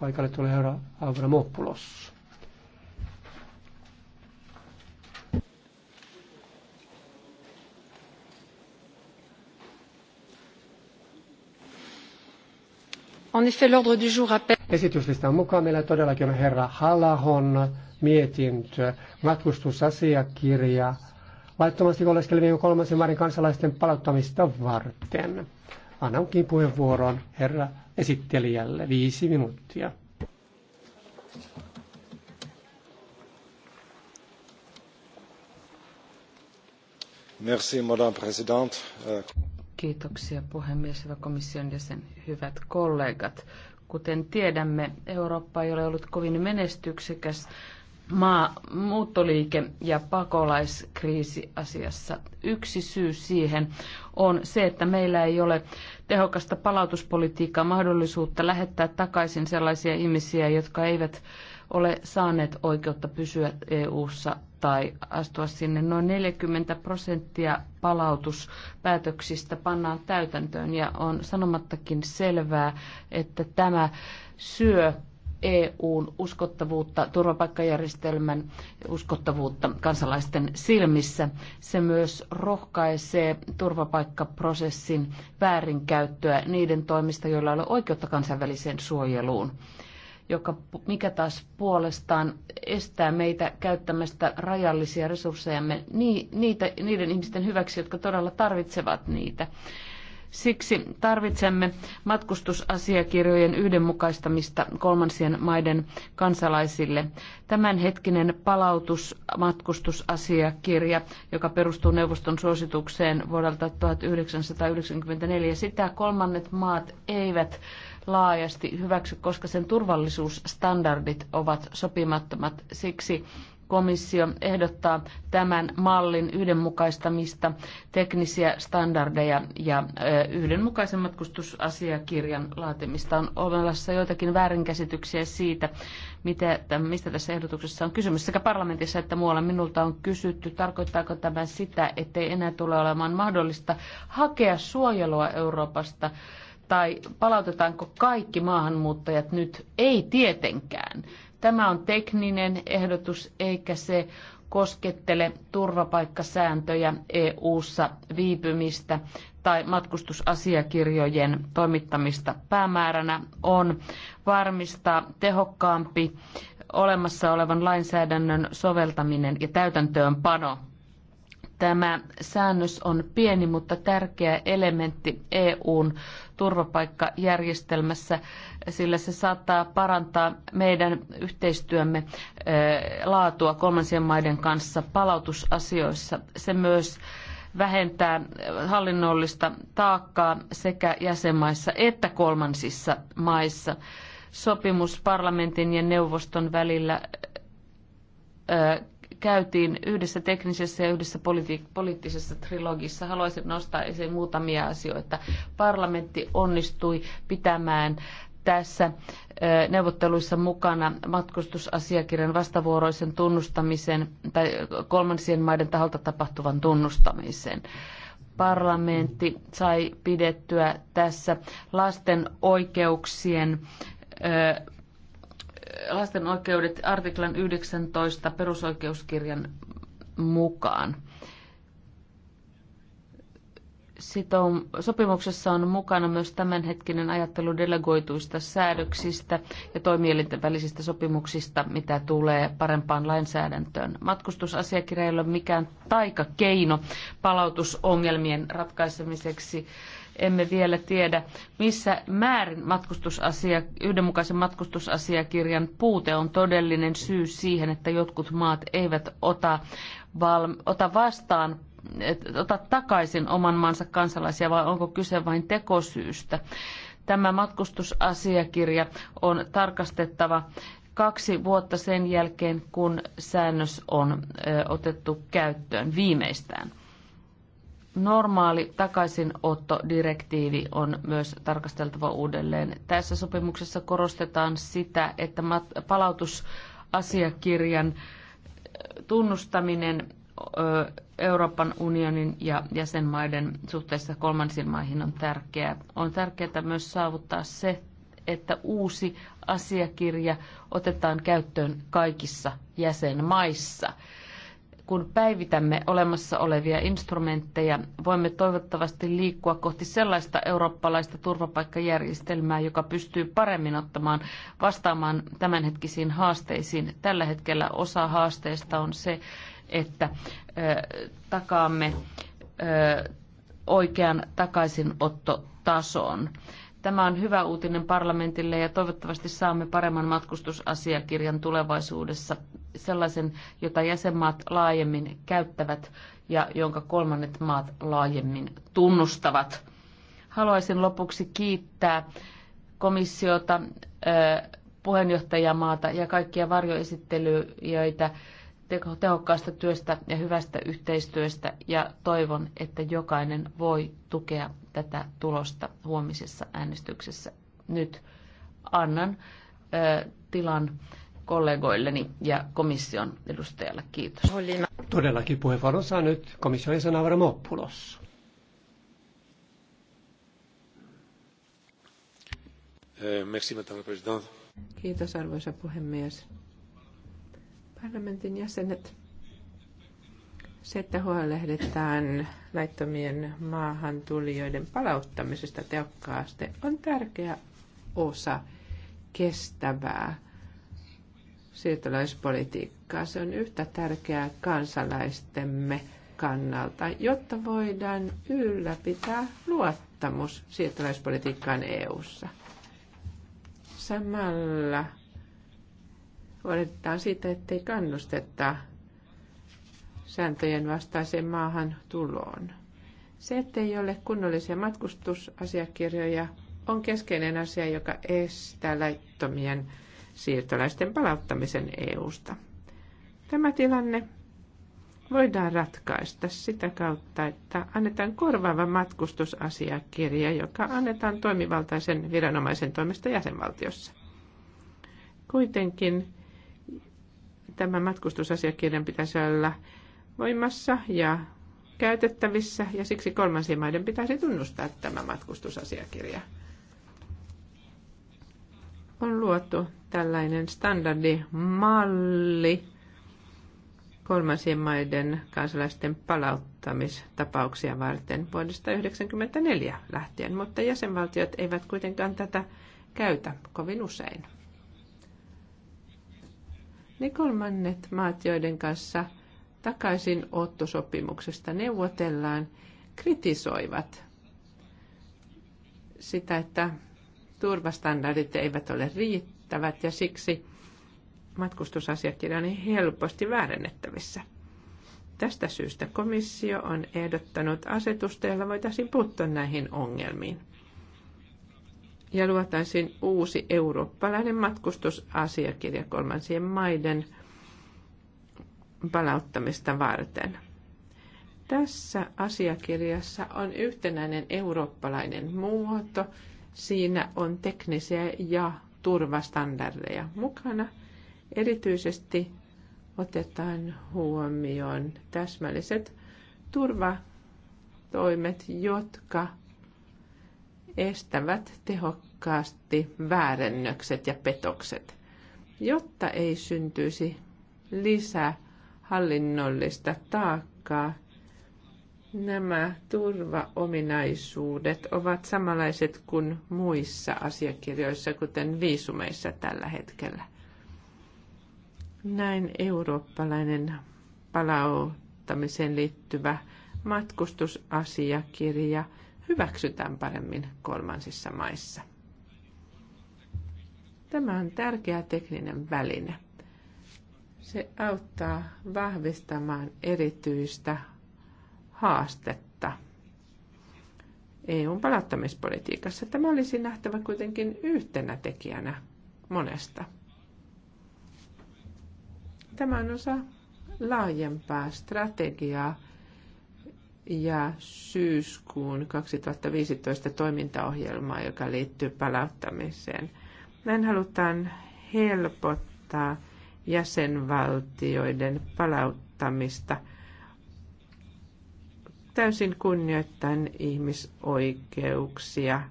Paikalle tulee herra Avramopoulos. En effet, l'ordre du jour appelle... Esityslistan mukaan meillä todellakin on herra Halahon mietintö, matkustusasiakirja, laittomasti oleskelevien kolmansien maiden kansalaisten palauttamista varten. Annankin puheenvuoron herra esittelijälle viisi minuuttia. Merci, Madame President. Kiitoksia puhemies, hyvä komission jäsen, hyvät kollegat. Kuten tiedämme, Eurooppa ei ole ollut kovin menestyksekäs maa, muuttoliike- ja pakolaiskriisi asiassa. Yksi syy siihen on se, että meillä ei ole tehokasta palautuspolitiikkaa mahdollisuutta lähettää takaisin sellaisia ihmisiä, jotka eivät ole saaneet oikeutta pysyä EU-ssa tai astua sinne. Noin 40 prosenttia palautuspäätöksistä pannaan täytäntöön ja on sanomattakin selvää, että tämä syö EUn uskottavuutta, turvapaikkajärjestelmän uskottavuutta kansalaisten silmissä. Se myös rohkaisee turvapaikkaprosessin väärinkäyttöä niiden toimista, joilla ei ole oikeutta kansainväliseen suojeluun joka, mikä taas puolestaan estää meitä käyttämästä rajallisia resurssejamme niitä, niiden ihmisten hyväksi, jotka todella tarvitsevat niitä. Siksi tarvitsemme matkustusasiakirjojen yhdenmukaistamista kolmansien maiden kansalaisille. Tämänhetkinen palautusmatkustusasiakirja, joka perustuu neuvoston suositukseen vuodelta 1994, sitä kolmannet maat eivät laajasti hyväksy, koska sen turvallisuusstandardit ovat sopimattomat. Siksi komissio ehdottaa tämän mallin yhdenmukaistamista, teknisiä standardeja ja yhdenmukaisen matkustusasiakirjan laatimista. On olemassa joitakin väärinkäsityksiä siitä, mitä, mistä tässä ehdotuksessa on kysymys. Sekä parlamentissa että muualla minulta on kysytty, tarkoittaako tämä sitä, ettei enää tule olemaan mahdollista hakea suojelua Euroopasta tai palautetaanko kaikki maahanmuuttajat nyt? Ei tietenkään. Tämä on tekninen ehdotus, eikä se koskettele turvapaikkasääntöjä EU-ssa viipymistä tai matkustusasiakirjojen toimittamista. Päämääränä on varmistaa tehokkaampi olemassa olevan lainsäädännön soveltaminen ja täytäntöönpano. Tämä säännös on pieni, mutta tärkeä elementti EUn turvapaikkajärjestelmässä, sillä se saattaa parantaa meidän yhteistyömme laatua kolmansien maiden kanssa palautusasioissa. Se myös vähentää hallinnollista taakkaa sekä jäsenmaissa että kolmansissa maissa. Sopimus parlamentin ja neuvoston välillä käytiin yhdessä teknisessä ja yhdessä politi- poliittisessa trilogissa. Haluaisin nostaa esiin muutamia asioita. Parlamentti onnistui pitämään tässä neuvotteluissa mukana matkustusasiakirjan vastavuoroisen tunnustamisen tai kolmansien maiden taholta tapahtuvan tunnustamisen parlamentti sai pidettyä tässä lasten oikeuksien lasten oikeudet artiklan 19 perusoikeuskirjan mukaan. Sitoum, sopimuksessa on mukana myös tämänhetkinen ajattelu delegoituista säädöksistä ja toimielinten välisistä sopimuksista, mitä tulee parempaan lainsäädäntöön. Matkustusasiakirja ei ole mikään taikakeino palautusongelmien ratkaisemiseksi emme vielä tiedä, missä määrin matkustusasia, yhdenmukaisen matkustusasiakirjan puute on todellinen syy siihen, että jotkut maat eivät ota, val, ota vastaan ota takaisin oman maansa kansalaisia, vai onko kyse vain tekosyystä. Tämä matkustusasiakirja on tarkastettava kaksi vuotta sen jälkeen, kun säännös on otettu käyttöön viimeistään normaali takaisinottodirektiivi on myös tarkasteltava uudelleen. Tässä sopimuksessa korostetaan sitä, että palautusasiakirjan tunnustaminen Euroopan unionin ja jäsenmaiden suhteessa kolmansiin maihin on tärkeää. On tärkeää myös saavuttaa se, että uusi asiakirja otetaan käyttöön kaikissa jäsenmaissa kun päivitämme olemassa olevia instrumentteja, voimme toivottavasti liikkua kohti sellaista eurooppalaista turvapaikkajärjestelmää, joka pystyy paremmin ottamaan vastaamaan tämänhetkisiin haasteisiin. Tällä hetkellä osa haasteista on se, että ö, takaamme ö, oikean takaisinottotason. tasoon Tämä on hyvä uutinen parlamentille ja toivottavasti saamme paremman matkustusasiakirjan tulevaisuudessa, sellaisen, jota jäsenmaat laajemmin käyttävät ja jonka kolmannet maat laajemmin tunnustavat. Haluaisin lopuksi kiittää komissiota, puheenjohtajamaata ja kaikkia varjoesittelyjöitä tehokkaasta työstä ja hyvästä yhteistyöstä ja toivon, että jokainen voi tukea tätä tulosta huomisessa äänestyksessä. Nyt annan ö, tilan kollegoilleni ja komission edustajalle. Kiitos. Todellakin puheenvuoron saa nyt komission jäsen Avramopoulos. Eh, Kiitos arvoisa puhemies. Parlamentin jäsenet, se, että huolehditaan laittomien maahantulijoiden palauttamisesta tehokkaasti, on tärkeä osa kestävää siirtolaispolitiikkaa. Se on yhtä tärkeää kansalaistemme kannalta, jotta voidaan ylläpitää luottamus siirtolaispolitiikkaan EU:ssa. Samalla huolehditaan siitä, ettei kannusteta sääntöjen vastaiseen maahan tuloon. Se, ettei ole kunnollisia matkustusasiakirjoja, on keskeinen asia, joka estää laittomien siirtolaisten palauttamisen EUsta. Tämä tilanne voidaan ratkaista sitä kautta, että annetaan korvaava matkustusasiakirja, joka annetaan toimivaltaisen viranomaisen toimesta jäsenvaltiossa. Kuitenkin Tämän matkustusasiakirjan pitäisi olla voimassa ja käytettävissä ja siksi kolmansien maiden pitäisi tunnustaa tämä matkustusasiakirja. On luotu tällainen standardimalli kolmansien maiden kansalaisten palauttamistapauksia varten vuodesta 1994 lähtien, mutta jäsenvaltiot eivät kuitenkaan tätä käytä kovin usein. Ne kolmannet maat, joiden kanssa takaisin ottosopimuksesta neuvotellaan, kritisoivat sitä, että turvastandardit eivät ole riittävät ja siksi matkustusasiakirja on helposti väärennettävissä. Tästä syystä komissio on ehdottanut asetusta, jolla voitaisiin puuttua näihin ongelmiin ja luotaisiin uusi eurooppalainen matkustusasiakirja kolmansien maiden palauttamista varten. Tässä asiakirjassa on yhtenäinen eurooppalainen muoto. Siinä on teknisiä ja turvastandardeja mukana. Erityisesti otetaan huomioon täsmälliset turvatoimet, jotka estävät tehokkaasti väärennökset ja petokset, jotta ei syntyisi lisää hallinnollista taakkaa. Nämä turvaominaisuudet ovat samanlaiset kuin muissa asiakirjoissa, kuten viisumeissa tällä hetkellä. Näin eurooppalainen palauttamiseen liittyvä matkustusasiakirja – hyväksytään paremmin kolmansissa maissa. Tämä on tärkeä tekninen väline. Se auttaa vahvistamaan erityistä haastetta EUn palauttamispolitiikassa. Tämä olisi nähtävä kuitenkin yhtenä tekijänä monesta. Tämä on osa laajempaa strategiaa ja syyskuun 2015 toimintaohjelmaa, joka liittyy palauttamiseen. Näin halutaan helpottaa jäsenvaltioiden palauttamista täysin kunnioittain ihmisoikeuksia,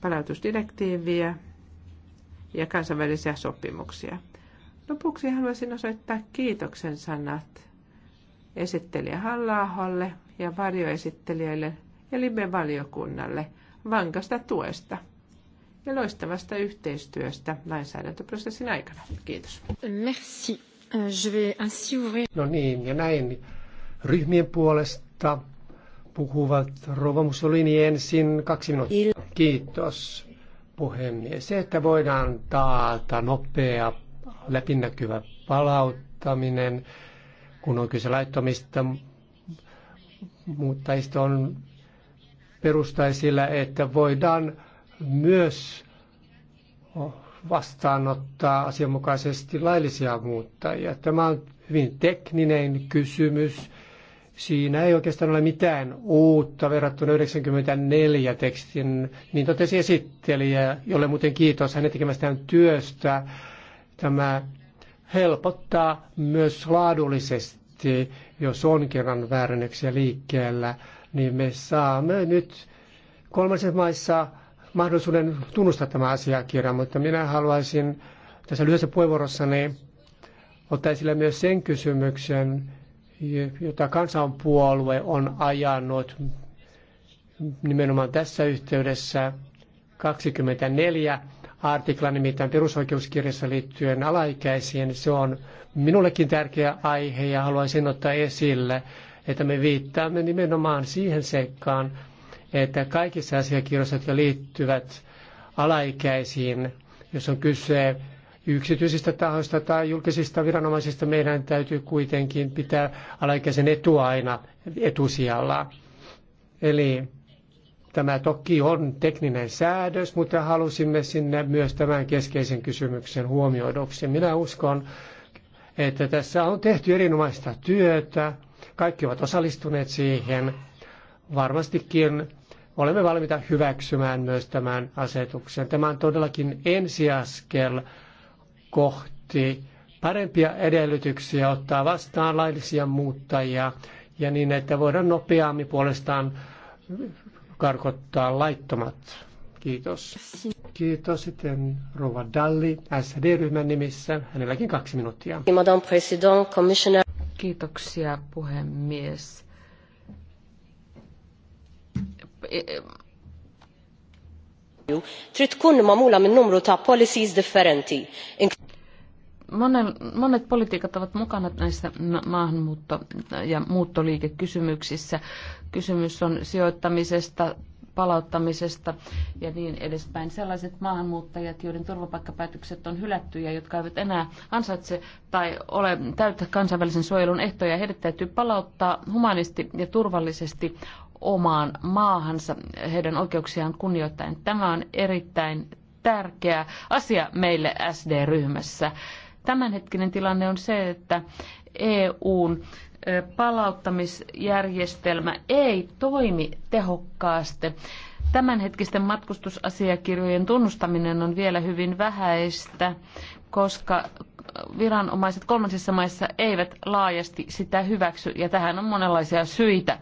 palautusdirektiiviä ja kansainvälisiä sopimuksia. Lopuksi haluaisin osoittaa kiitoksen sanat esittelijä Hallaholle ja varjoesittelijöille ja Libe-valiokunnalle vankasta tuesta ja loistavasta yhteistyöstä lainsäädäntöprosessin aikana. Kiitos. Merci. Euh, je vais ainsi ouvrir... No niin, ja näin ryhmien puolesta puhuvat Rova Mussolini ensin kaksi minuuttia. Kiitos puhemies. Se, että voidaan taata nopea, läpinäkyvä palauttaminen, kun on kyse laittomista muuttajista on perustaisilla, että voidaan myös vastaanottaa asianmukaisesti laillisia muuttajia. Tämä on hyvin tekninen kysymys. Siinä ei oikeastaan ole mitään uutta verrattuna 94 tekstin, niin totesi esittelijä, jolle muuten kiitos hänen tekemästään työstä. Tämä helpottaa myös laadullisesti Erityisesti jos on kerran vääränneksiä liikkeellä, niin me saamme nyt kolmansissa maissa mahdollisuuden tunnustaa tämä asiakirja, mutta minä haluaisin tässä lyhyessä puheenvuorossani ottaa esille myös sen kysymyksen, jota kansanpuolue on ajanut nimenomaan tässä yhteydessä 24 artikla nimittäin perusoikeuskirjassa liittyen alaikäisiin. Se on minullekin tärkeä aihe ja haluaisin ottaa esille, että me viittaamme nimenomaan siihen seikkaan, että kaikissa asiakirjoissa, jotka liittyvät alaikäisiin, jos on kyse yksityisistä tahoista tai julkisista viranomaisista, meidän täytyy kuitenkin pitää alaikäisen etua aina etusijalla. Eli Tämä toki on tekninen säädös, mutta halusimme sinne myös tämän keskeisen kysymyksen huomioiduksi. Minä uskon, että tässä on tehty erinomaista työtä, kaikki ovat osallistuneet siihen. Varmastikin olemme valmiita hyväksymään myös tämän asetuksen. Tämä on todellakin ensiaskel kohti parempia edellytyksiä ottaa vastaan laillisia muuttajia ja niin, että voidaan nopeammin puolestaan karkottaa laittomat. Kiitos. Kiitos. Sitten Rova Dalli SD-ryhmän nimissä. Hänelläkin kaksi minuuttia. Madame Kiitoksia puhemies. E, e, Trid tkun mamula minn numru ta' policies differenti. Monen, monet politiikat ovat mukana näissä maahanmuutto- ja muuttoliikekysymyksissä. Kysymys on sijoittamisesta, palauttamisesta ja niin edespäin. Sellaiset maahanmuuttajat, joiden turvapaikkapäätökset on hylätty ja jotka eivät enää ansaitse tai ole täyttä kansainvälisen suojelun ehtoja, heidät täytyy palauttaa humanisti ja turvallisesti omaan maahansa heidän oikeuksiaan kunnioittain. Tämä on erittäin tärkeä asia meille SD-ryhmässä. Tämänhetkinen tilanne on se, että EUn palauttamisjärjestelmä ei toimi tehokkaasti. Tämänhetkisten matkustusasiakirjojen tunnustaminen on vielä hyvin vähäistä, koska viranomaiset kolmansissa maissa eivät laajasti sitä hyväksy ja tähän on monenlaisia syitä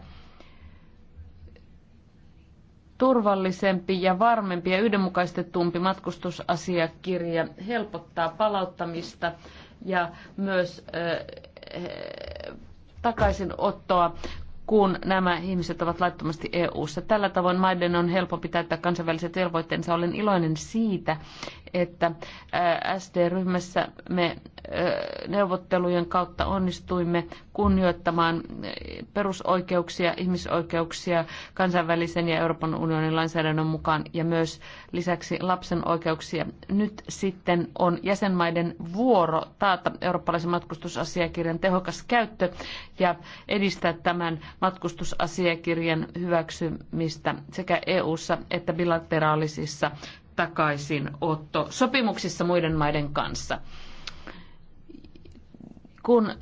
turvallisempi ja varmempi ja yhdenmukaistetumpi matkustusasiakirja helpottaa palauttamista ja myös takaisinottoa kun nämä ihmiset ovat laittomasti EU-ssa. Tällä tavoin maiden on helpompi täyttää kansainväliset velvoitteensa. Olen iloinen siitä, että SD-ryhmässä me neuvottelujen kautta onnistuimme kunnioittamaan perusoikeuksia, ihmisoikeuksia kansainvälisen ja Euroopan unionin lainsäädännön mukaan ja myös lisäksi lapsen oikeuksia. Nyt sitten on jäsenmaiden vuoro taata eurooppalaisen matkustusasiakirjan tehokas käyttö ja edistää tämän matkustusasiakirjan hyväksymistä sekä EU:ssa että bilateraalisissa takaisinotto sopimuksissa muiden maiden kanssa. Kun äh,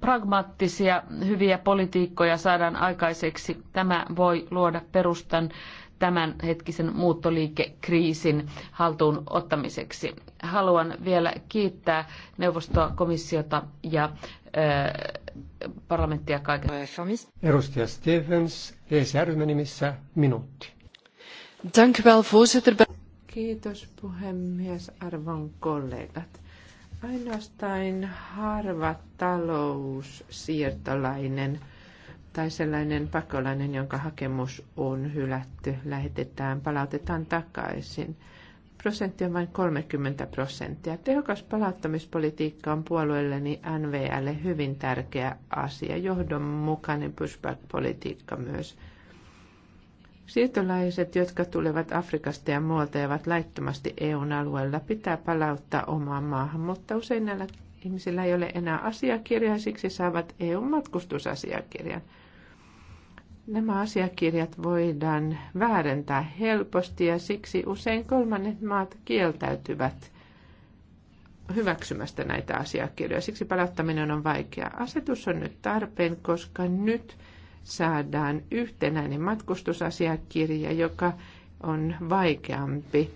pragmaattisia hyviä politiikkoja saadaan aikaiseksi, tämä voi luoda perustan tämän hetkisen muuttoliikekriisin haltuun ottamiseksi. Haluan vielä kiittää neuvostoa, komissiota ja äh, parlamenttia kaiken. Edustaja Stevens, esr nimissä minuutti. Dank wel, voorzitter. Kiitos puhemies, arvon kollegat. Ainoastaan harva taloussiirtolainen tai sellainen pakolainen, jonka hakemus on hylätty, lähetetään, palautetaan takaisin. Prosentti on vain 30 prosenttia. Tehokas palauttamispolitiikka on puolueelleni NVLlle hyvin tärkeä asia. Johdonmukainen pushback-politiikka myös – Siirtolaiset, jotka tulevat Afrikasta ja muualta ja ovat laittomasti EUn alueella, pitää palauttaa omaan maahan, mutta usein näillä ihmisillä ei ole enää asiakirjaa, siksi saavat EUn matkustusasiakirjan. Nämä asiakirjat voidaan väärentää helposti ja siksi usein kolmannet maat kieltäytyvät hyväksymästä näitä asiakirjoja. Siksi palauttaminen on vaikeaa. Asetus on nyt tarpeen, koska nyt – saadaan yhtenäinen matkustusasiakirja, joka on vaikeampi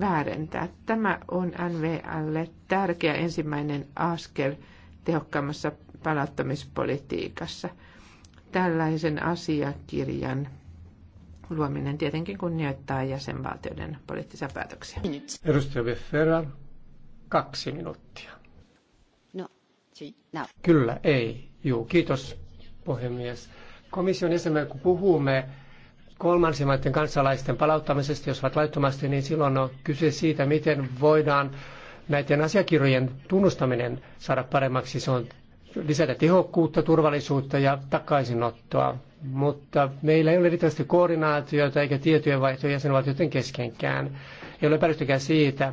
väärentää. Tämä on NVLlle tärkeä ensimmäinen askel tehokkaammassa palauttamispolitiikassa. Tällaisen asiakirjan luominen tietenkin kunnioittaa jäsenvaltioiden poliittisia päätöksiä. Edustaja Befferra, kaksi minuuttia. No, see, no. Kyllä, ei. Juu, kiitos puhemies komission jäsenen, kun puhumme kolmansien maiden kansalaisten palauttamisesta, jos ovat laittomasti, niin silloin on kyse siitä, miten voidaan näiden asiakirjojen tunnustaminen saada paremmaksi. Se on lisätä tehokkuutta, turvallisuutta ja takaisinottoa. Mutta meillä ei ole riittävästi koordinaatioita eikä tietojenvaihtoja jäsenvaltioiden keskenkään. Ei ole päästykään siitä,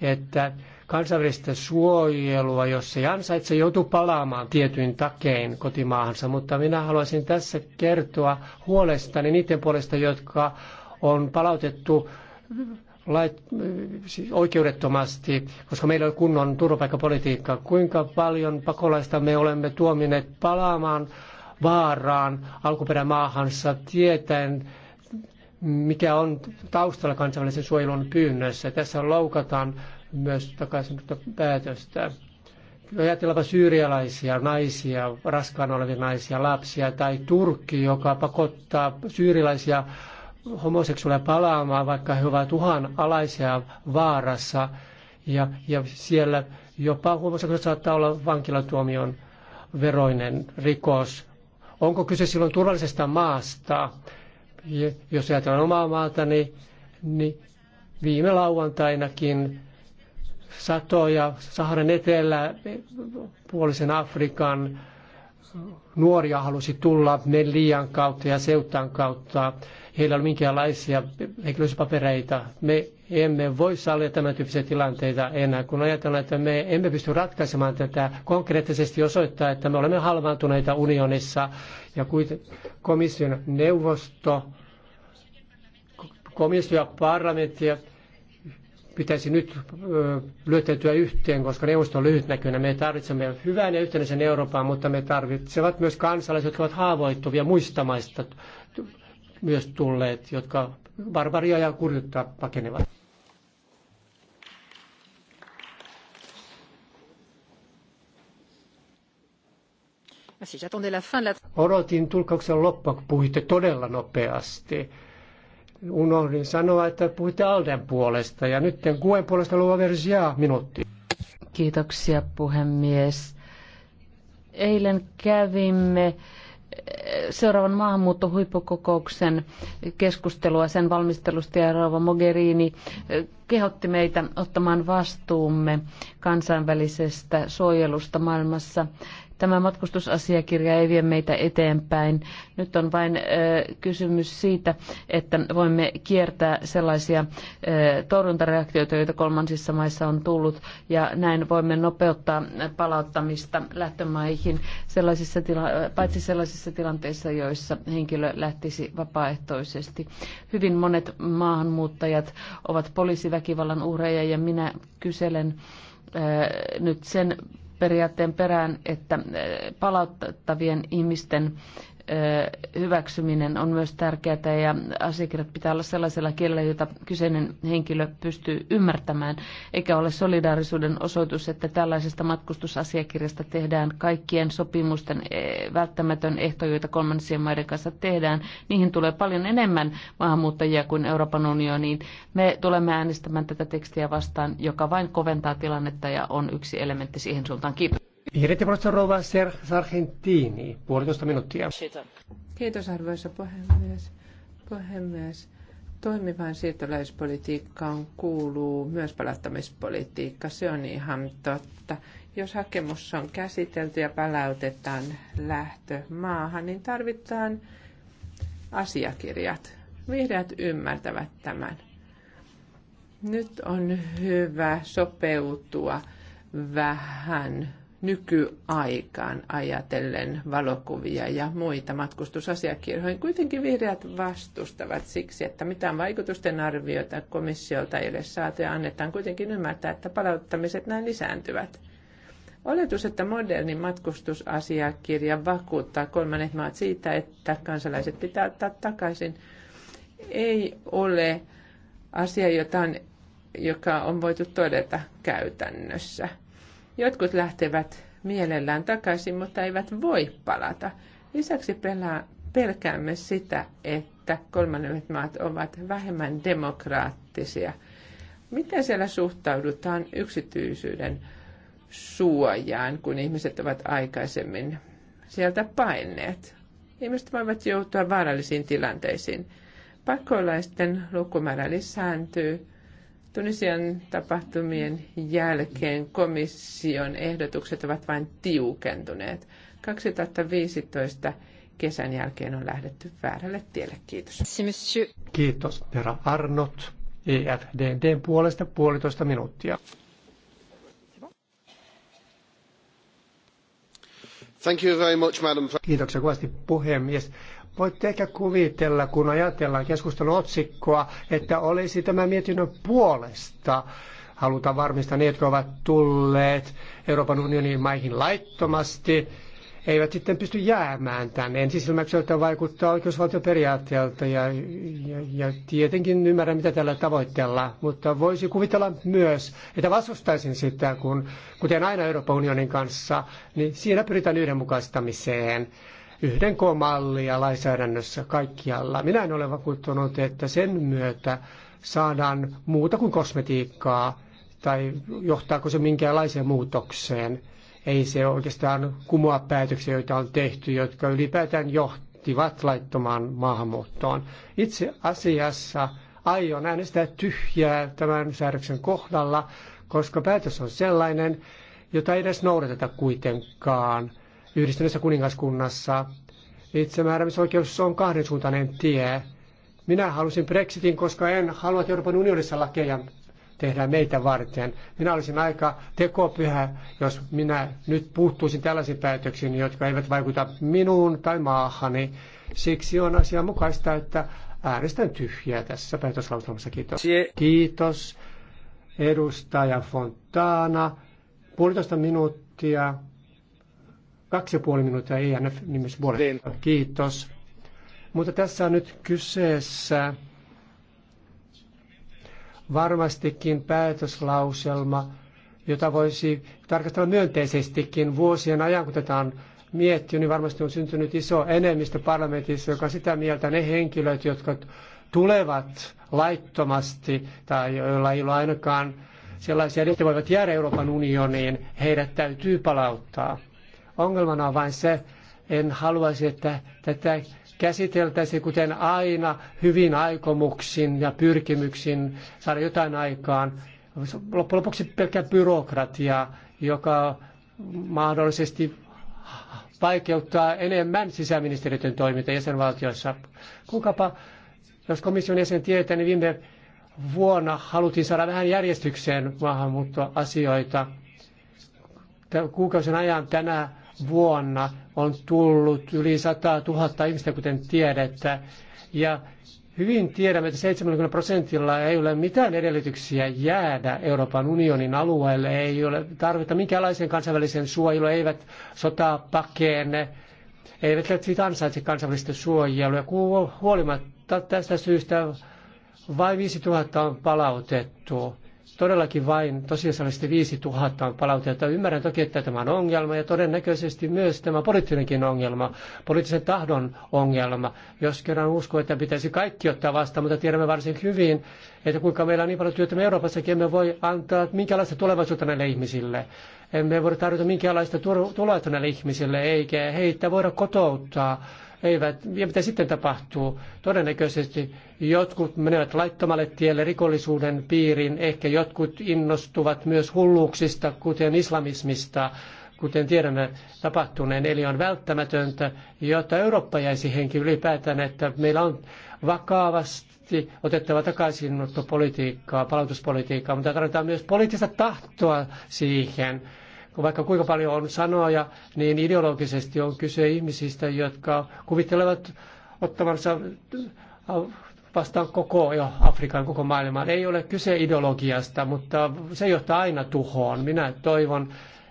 että kansainvälistä suojelua, jos ei ansaitse, joutuu palaamaan tietyin takein kotimaahansa. Mutta minä haluaisin tässä kertoa huolestani niiden puolesta, jotka on palautettu lait, siis oikeudettomasti, koska meillä on kunnon turvapaikkapolitiikka. Kuinka paljon pakolaista me olemme tuomineet palaamaan vaaraan alkuperämaahansa tietäen, mikä on taustalla kansainvälisen suojelun pyynnössä. Tässä loukataan myös takaisin päätöstä. Ajatellaanpa syyrialaisia naisia, raskaana olevia naisia, lapsia tai Turkki, joka pakottaa syyrialaisia homoseksuaaleja palaamaan, vaikka he ovat uhanalaisia vaarassa. Ja, ja siellä jopa homoseksuaalisuus saattaa olla vankilatuomion veroinen rikos. Onko kyse silloin turvallisesta maasta? Ja jos ajatellaan omaa niin, niin viime lauantainakin satoja Saharan etelä puolisen Afrikan nuoria halusi tulla Melian kautta ja Seutan kautta. Heillä oli minkäänlaisia henkilöllisyyspapereita. Me emme voi sallia tämän tyyppisiä tilanteita enää, kun ajatellaan, että me emme pysty ratkaisemaan tätä konkreettisesti osoittaa, että me olemme halvaantuneita unionissa ja kuitenkin komission neuvosto, komissio ja parlamentti pitäisi nyt lyötäytyä yhteen, koska neuvosto on lyhytnäköinen. Me tarvitsemme hyvän ja yhtenäisen Euroopan, mutta me tarvitsevat myös kansalaiset, jotka ovat haavoittuvia muista maista myös tulleet, jotka barbaria ja kurjuutta pakenevat. Odotin tulkauksen loppua, kun puhuitte todella nopeasti unohdin sanoa, että puhuitte Alden puolesta ja nyt kuen puolesta luova versia minuutti. Kiitoksia puhemies. Eilen kävimme eh, seuraavan maahanmuuttohuippukokouksen keskustelua sen valmistelusta ja Rauva Mogherini eh, kehotti meitä ottamaan vastuumme kansainvälisestä suojelusta maailmassa Tämä matkustusasiakirja ei vie meitä eteenpäin. Nyt on vain kysymys siitä, että voimme kiertää sellaisia torjuntareaktioita, joita kolmansissa maissa on tullut, ja näin voimme nopeuttaa palauttamista lähtömaihin sellaisissa tila- paitsi sellaisissa tilanteissa, joissa henkilö lähtisi vapaaehtoisesti. Hyvin monet maahanmuuttajat ovat poliisiväkivallan uhreja, ja minä kyselen nyt sen periaatteen perään, että eh, palauttavien ihmisten hyväksyminen on myös tärkeää ja asiakirjat pitää olla sellaisella kielellä, jota kyseinen henkilö pystyy ymmärtämään, eikä ole solidaarisuuden osoitus, että tällaisesta matkustusasiakirjasta tehdään kaikkien sopimusten e, välttämätön ehto, joita kolmansien maiden kanssa tehdään. Niihin tulee paljon enemmän maahanmuuttajia kuin Euroopan unioniin. Me tulemme äänestämään tätä tekstiä vastaan, joka vain koventaa tilannetta ja on yksi elementti siihen suuntaan. Kiitos. Vihreiden puolesta rouva Sargentini, puolitoista minuuttia. Kiitos arvoisa puhemies. puhemies. Toimivaan siirtolaispolitiikkaan kuuluu myös palauttamispolitiikka, se on ihan totta. Jos hakemus on käsitelty ja palautetaan lähtömaahan, niin tarvitaan asiakirjat. Vihreät ymmärtävät tämän. Nyt on hyvä sopeutua vähän nykyaikaan ajatellen valokuvia ja muita matkustusasiakirjoihin. Kuitenkin vihreät vastustavat siksi, että mitään vaikutusten arvioita komissiolta ei ole saatu ja annetaan kuitenkin ymmärtää, että palauttamiset näin lisääntyvät. Oletus, että moderni matkustusasiakirja vakuuttaa kolmannet maat siitä, että kansalaiset pitää ottaa takaisin, ei ole asia, jota on, joka on voitu todeta käytännössä – Jotkut lähtevät mielellään takaisin, mutta eivät voi palata. Lisäksi pelaa, pelkäämme sitä, että kolmannet maat ovat vähemmän demokraattisia. Miten siellä suhtaudutaan yksityisyyden suojaan, kun ihmiset ovat aikaisemmin sieltä paineet? Ihmiset voivat joutua vaarallisiin tilanteisiin. Pakolaisten lukumäärä lisääntyy Tunisian tapahtumien jälkeen komission ehdotukset ovat vain tiukentuneet. 2015 kesän jälkeen on lähdetty väärälle tielle. Kiitos. Kiitos, herra Arnot. EFDDn puolesta puolitoista minuuttia. Thank you very much, madam. Kiitoksia kovasti puhemies. Voitte ehkä kuvitella, kun ajatellaan keskustelun otsikkoa, että olisi tämä mietinnön puolesta. Halutaan varmistaa ne, jotka ovat tulleet Euroopan unionin maihin laittomasti, eivät sitten pysty jäämään tänne. Ensisilmäykseltä vaikuttaa oikeusvaltioperiaatteelta ja, ja, ja tietenkin ymmärrän, mitä tällä tavoitteella, mutta voisi kuvitella myös, että vastustaisin sitä, kun, kuten aina Euroopan unionin kanssa, niin siinä pyritään yhdenmukaistamiseen yhden mallia lainsäädännössä kaikkialla. Minä en ole vakuuttunut, että sen myötä saadaan muuta kuin kosmetiikkaa tai johtaako se minkäänlaiseen muutokseen. Ei se oikeastaan kumoa päätöksiä, joita on tehty, jotka ylipäätään johtivat laittomaan maahanmuuttoon. Itse asiassa aion äänestää tyhjää tämän säädöksen kohdalla, koska päätös on sellainen, jota ei edes noudateta kuitenkaan – yhdistyneessä kuningaskunnassa. Itsemääräämisoikeus on kahdensuuntainen tie. Minä halusin Brexitin, koska en halua, että Euroopan unionissa lakeja tehdään meitä varten. Minä olisin aika tekopyhä, jos minä nyt puuttuisin tällaisiin päätöksiin, jotka eivät vaikuta minuun tai maahani. Siksi on mukaista, että äänestän tyhjää tässä päätöslauselmassa. Kiitos. Kiitos. Edustaja Fontana. Puolitoista minuuttia. Kaksi ja puoli minuuttia ENF nimissä puolesta. Niin. Kiitos. Mutta tässä on nyt kyseessä varmastikin päätöslauselma, jota voisi tarkastella myönteisestikin vuosien ajan, kun tätä on miettinyt, niin varmasti on syntynyt iso enemmistö parlamentissa, joka sitä mieltä ne henkilöt, jotka tulevat laittomasti tai joilla ei ole ainakaan sellaisia, jotka voivat jäädä Euroopan unioniin, heidät täytyy palauttaa. Ongelmana on vain se, en haluaisi, että tätä käsiteltäisiin kuten aina hyvin aikomuksin ja pyrkimyksin saada jotain aikaan. Loppujen lopuksi pelkkä byrokratia, joka mahdollisesti vaikeuttaa enemmän sisäministeriön toimintaa jäsenvaltioissa. Kuinka jos komission jäsen tietää, niin viime vuonna haluttiin saada vähän järjestykseen maahanmuuttoasioita. Kuukausien ajan tänä vuonna on tullut yli 100 000 ihmistä, kuten tiedettä. Ja hyvin tiedämme, että 70 prosentilla ei ole mitään edellytyksiä jäädä Euroopan unionin alueelle. Ei ole tarvita minkäänlaisen kansainvälisen suojelun, eivät sotaa pakene, eivät siitä ansaitse kansainvälistä suojelua. Huolimatta tästä syystä vain 000 on palautettu todellakin vain tosiasiallisesti 5000 on palautetta. Ymmärrän toki, että tämä on ongelma ja todennäköisesti myös tämä poliittinenkin ongelma, poliittisen tahdon ongelma, jos kerran uskoo, että pitäisi kaikki ottaa vastaan, mutta tiedämme varsin hyvin, että kuinka meillä on niin paljon työtä me Euroopassakin, emme voi antaa minkälaista tulevaisuutta näille ihmisille. Emme voi tarjota minkäänlaista tuloa näille ihmisille, eikä heitä voida kotouttaa eivät, ja mitä sitten tapahtuu? Todennäköisesti jotkut menevät laittomalle tielle rikollisuuden piiriin, ehkä jotkut innostuvat myös hulluuksista, kuten islamismista, kuten tiedämme tapahtuneen. Eli on välttämätöntä, jotta Eurooppa jäisi henki ylipäätään, että meillä on vakavasti otettava takaisinottopolitiikkaa, palautuspolitiikkaa, mutta tarvitaan myös poliittista tahtoa siihen vaikka kuinka paljon on sanoja, niin ideologisesti on kyse ihmisistä, jotka kuvittelevat ottavansa vastaan koko jo Afrikan, koko maailman. Ei ole kyse ideologiasta, mutta se johtaa aina tuhoon. Minä toivon,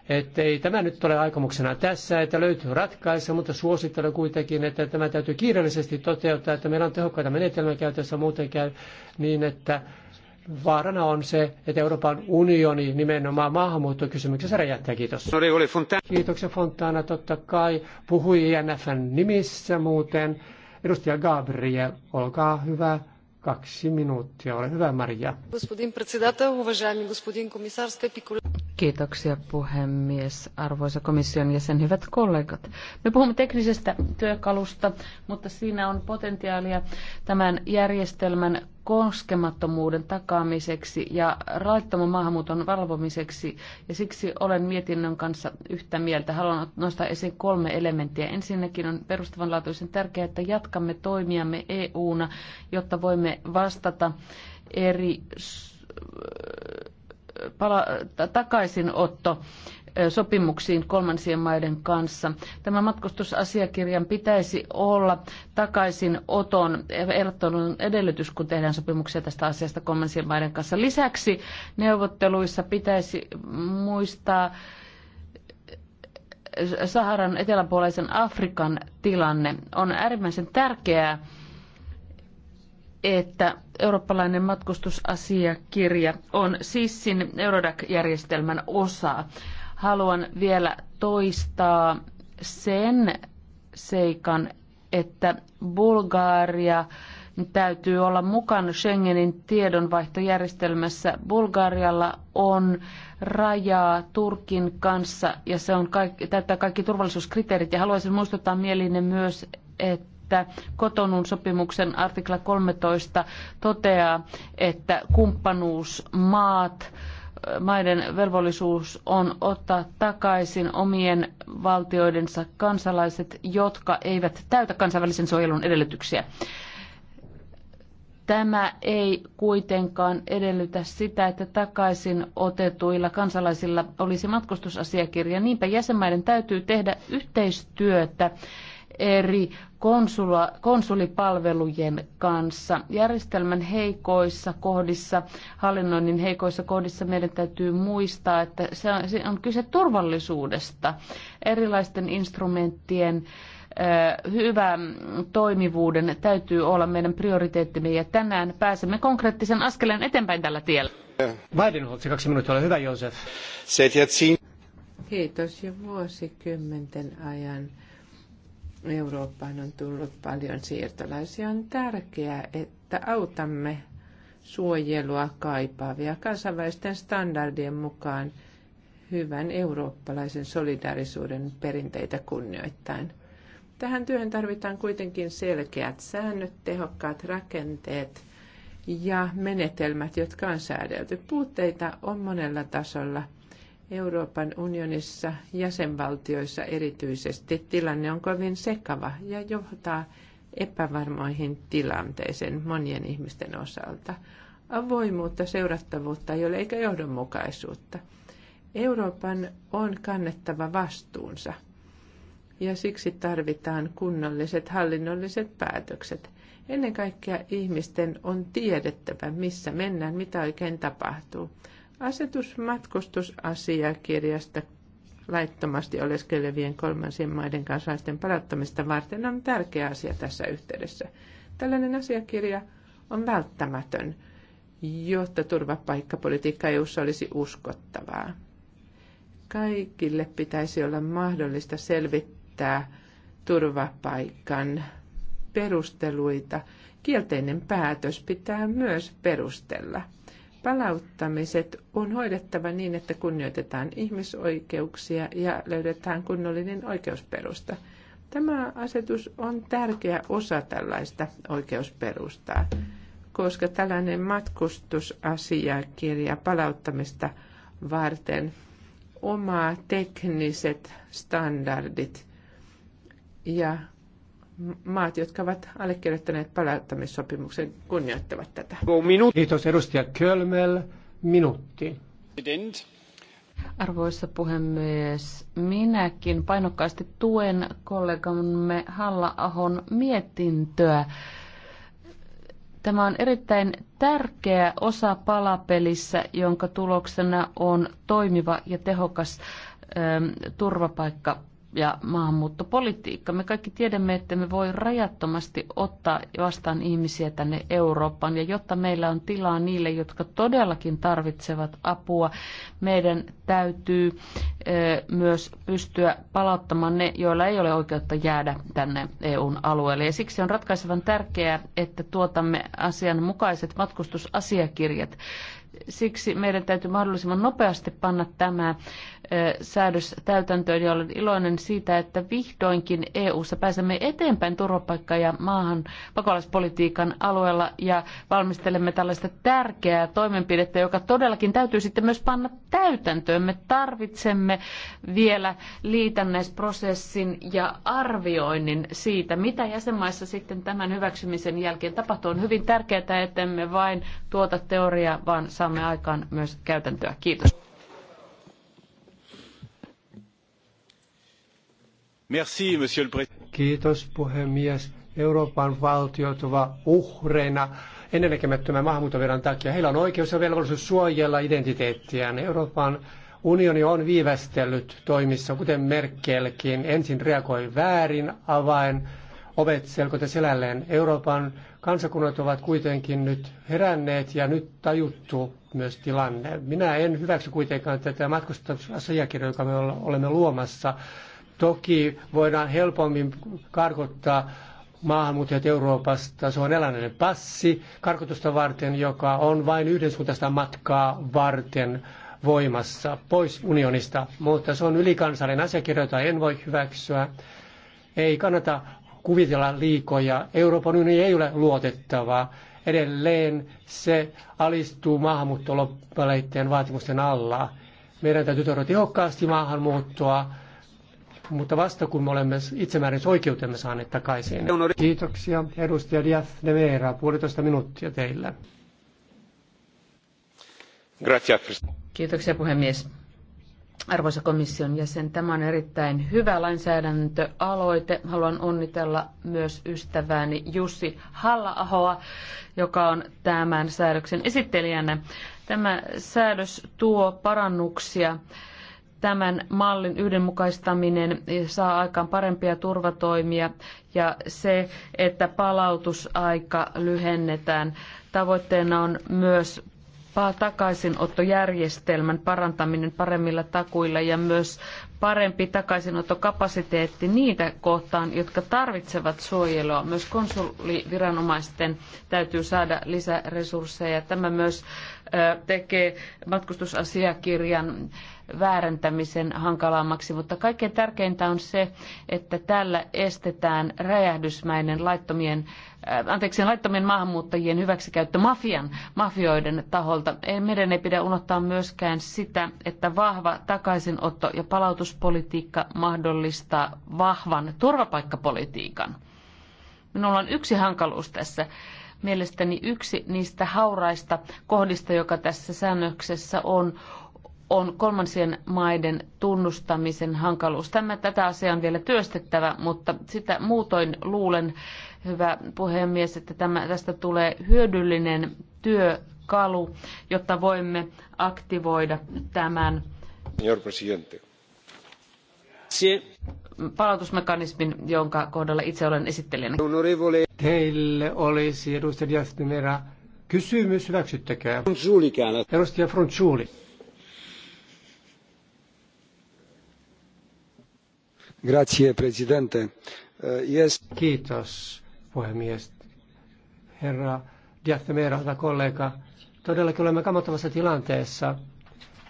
että ei tämä nyt ole aikomuksena tässä, että löytyy ratkaisu, mutta suosittelen kuitenkin, että tämä täytyy kiireellisesti toteuttaa, että meillä on tehokkaita menetelmiä käytössä käy niin, että vaarana on se, että Euroopan unioni nimenomaan maahanmuuttokysymyksessä räjähtää. Kiitos. Kiitoksia Fontana totta kai. Puhui INFn nimissä muuten. Edustaja Gabriel, olkaa hyvä. Kaksi minuuttia. Ole hyvä, Maria. Kiitoksia puhemies, arvoisa komission jäsen, hyvät kollegat. Me puhumme teknisestä työkalusta, mutta siinä on potentiaalia tämän järjestelmän koskemattomuuden takaamiseksi ja laittoman maahanmuuton valvomiseksi. Ja siksi olen mietinnön kanssa yhtä mieltä. Haluan nostaa esiin kolme elementtiä. Ensinnäkin on perustavanlaatuisen tärkeää, että jatkamme toimiamme EUna, jotta voimme vastata eri pala- takaisinotto sopimuksiin kolmansien maiden kanssa. Tämä matkustusasiakirjan pitäisi olla takaisin oton ehdottelun edellytys, kun tehdään sopimuksia tästä asiasta kolmansien maiden kanssa. Lisäksi neuvotteluissa pitäisi muistaa Saharan eteläpuoleisen Afrikan tilanne. On äärimmäisen tärkeää, että eurooppalainen matkustusasiakirja on SISin Eurodac-järjestelmän osa haluan vielä toistaa sen seikan, että Bulgaria täytyy olla mukana Schengenin tiedonvaihtojärjestelmässä. Bulgarialla on rajaa Turkin kanssa ja se on kaikki, täyttää kaikki turvallisuuskriteerit. Ja haluaisin muistuttaa mielinen myös, että kotonun sopimuksen artikla 13 toteaa, että kumppanuusmaat maiden velvollisuus on ottaa takaisin omien valtioidensa kansalaiset, jotka eivät täytä kansainvälisen suojelun edellytyksiä. Tämä ei kuitenkaan edellytä sitä, että takaisin otetuilla kansalaisilla olisi matkustusasiakirja. Niinpä jäsenmaiden täytyy tehdä yhteistyötä eri konsula, konsulipalvelujen kanssa. Järjestelmän heikoissa kohdissa, hallinnoinnin heikoissa kohdissa meidän täytyy muistaa, että se on, se on kyse turvallisuudesta, erilaisten instrumenttien hyvä toimivuuden täytyy olla meidän prioriteettimme ja tänään pääsemme konkreettisen askeleen eteenpäin tällä tiellä. se kaksi minuuttia, ole hyvä Josef. Kiitos jo vuosikymmenten ajan Eurooppaan on tullut paljon siirtolaisia. On tärkeää, että autamme suojelua kaipaavia kansainvälisten standardien mukaan hyvän eurooppalaisen solidaarisuuden perinteitä kunnioittain. Tähän työhön tarvitaan kuitenkin selkeät säännöt, tehokkaat rakenteet ja menetelmät, jotka on säädelty. Puutteita on monella tasolla – Euroopan unionissa jäsenvaltioissa erityisesti tilanne on kovin sekava ja johtaa epävarmoihin tilanteisiin monien ihmisten osalta. Avoimuutta, seurattavuutta ei ole eikä johdonmukaisuutta. Euroopan on kannettava vastuunsa ja siksi tarvitaan kunnolliset hallinnolliset päätökset. Ennen kaikkea ihmisten on tiedettävä, missä mennään, mitä oikein tapahtuu. Asetus matkustusasiakirjasta laittomasti oleskelevien kolmansien maiden kansalaisten palauttamista varten on tärkeä asia tässä yhteydessä. Tällainen asiakirja on välttämätön, jotta turvapaikkapolitiikka EU:ssa olisi uskottavaa. Kaikille pitäisi olla mahdollista selvittää turvapaikan perusteluita. Kielteinen päätös pitää myös perustella – palauttamiset on hoidettava niin, että kunnioitetaan ihmisoikeuksia ja löydetään kunnollinen oikeusperusta. Tämä asetus on tärkeä osa tällaista oikeusperustaa, koska tällainen matkustusasiakirja palauttamista varten omaa tekniset standardit ja maat, jotka ovat allekirjoittaneet palauttamissopimuksen, kunnioittavat tätä. Kiitos edustaja Kölmel. Minuutti. Arvoisa puhemies, minäkin painokkaasti tuen kollegamme Halla-ahon mietintöä. Tämä on erittäin tärkeä osa palapelissä, jonka tuloksena on toimiva ja tehokas turvapaikka ja maahanmuuttopolitiikka. Me kaikki tiedämme, että me voi rajattomasti ottaa vastaan ihmisiä tänne Eurooppaan. Ja jotta meillä on tilaa niille, jotka todellakin tarvitsevat apua, meidän täytyy myös pystyä palauttamaan ne, joilla ei ole oikeutta jäädä tänne EUn alueelle. Ja siksi on ratkaisevan tärkeää, että tuotamme asianmukaiset matkustusasiakirjat. Siksi meidän täytyy mahdollisimman nopeasti panna tämä säädös täytäntöön ja olen iloinen siitä, että vihdoinkin EU-ssa pääsemme eteenpäin turvapaikka- ja maahan pakolaispolitiikan alueella ja valmistelemme tällaista tärkeää toimenpidettä, joka todellakin täytyy sitten myös panna täytäntöön. Me tarvitsemme vielä liitännäisprosessin ja arvioinnin siitä, mitä jäsenmaissa sitten tämän hyväksymisen jälkeen tapahtuu. On hyvin tärkeää, että emme vain tuota teoriaa, vaan saamme aikaan myös käytäntöä. Kiitos. Kiitos puhemies. Euroopan valtiot ovat uhreina ennennäkemättömän maahanmuuttoviran takia. Heillä on oikeus ja velvollisuus suojella identiteettiään. Euroopan unioni on viivästellyt toimissa, kuten Merkelkin. Ensin reagoi väärin avain ovet selkota selälleen. Euroopan kansakunnat ovat kuitenkin nyt heränneet ja nyt tajuttu myös tilanne. Minä en hyväksy kuitenkaan tätä matkustusasiakirjaa, joka me olemme luomassa Toki voidaan helpommin karkottaa maahanmuuttajat Euroopasta. Se on eläinen passi karkotusta varten, joka on vain yhdensuuntaista matkaa varten voimassa pois unionista, mutta se on ylikansallinen asiakirja, jota en voi hyväksyä. Ei kannata kuvitella liikoja. Euroopan unioni ei ole luotettava. Edelleen se alistuu maahanmuuttolopaleiden vaatimusten alla. Meidän täytyy torjua tehokkaasti maahanmuuttoa mutta vasta kun me olemme itsemääräämisoikeutemme saaneet takaisin. Kiitoksia. Edustaja Diaz de Meera, puolitoista minuuttia teillä. Kiitoksia puhemies. Arvoisa komission jäsen, tämä on erittäin hyvä lainsäädäntöaloite. Haluan onnitella myös ystävääni Jussi halla joka on tämän säädöksen esittelijänä. Tämä säädös tuo parannuksia tämän mallin yhdenmukaistaminen saa aikaan parempia turvatoimia ja se, että palautusaika lyhennetään. Tavoitteena on myös takaisinottojärjestelmän parantaminen paremmilla takuilla ja myös parempi takaisinottokapasiteetti niitä kohtaan, jotka tarvitsevat suojelua. Myös konsuliviranomaisten täytyy saada lisäresursseja. Tämä myös tekee matkustusasiakirjan väärentämisen hankalammaksi, mutta kaikkein tärkeintä on se, että tällä estetään räjähdysmäinen laittomien, äh, anteeksi, laittomien maahanmuuttajien hyväksikäyttö mafian, mafioiden taholta. Ei, meidän ei pidä unohtaa myöskään sitä, että vahva takaisinotto- ja palautuspolitiikka mahdollistaa vahvan turvapaikkapolitiikan. Minulla on yksi hankaluus tässä mielestäni yksi niistä hauraista kohdista, joka tässä säännöksessä on, on kolmansien maiden tunnustamisen hankaluus. Tämä, tätä asiaa on vielä työstettävä, mutta sitä muutoin luulen, hyvä puhemies, että tämä, tästä tulee hyödyllinen työkalu, jotta voimme aktivoida tämän presidente. palautusmekanismin, jonka kohdalla itse olen esittelijänä. Teille olisi edustaja Jastimera kysymys, hyväksyttäkää. Edustaja Frunzuli. Grazie, presidente. Eh, yes. Kiitos, puhemies. Herra Diaktemera, hyvä kollega. Todellakin olemme kamottavassa tilanteessa.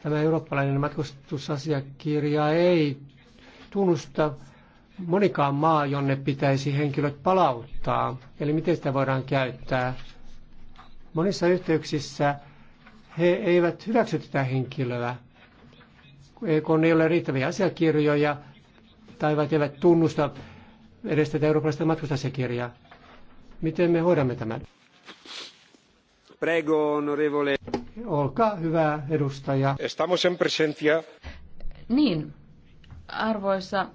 Tämä eurooppalainen matkustusasiakirja ei tunnusta monikaan maa, jonne pitäisi henkilöt palauttaa. Eli miten sitä voidaan käyttää? Monissa yhteyksissä he eivät hyväksy tätä henkilöä, kun e ei ole riittäviä asiakirjoja tai vaikka eivät tunnusta edes tätä eurooppalaista matkustasekirjaa. Miten me hoidamme tämän? Prego, onorevole. Olkaa hyvä, edustaja. Estamos en presencia. Niin, arvoisa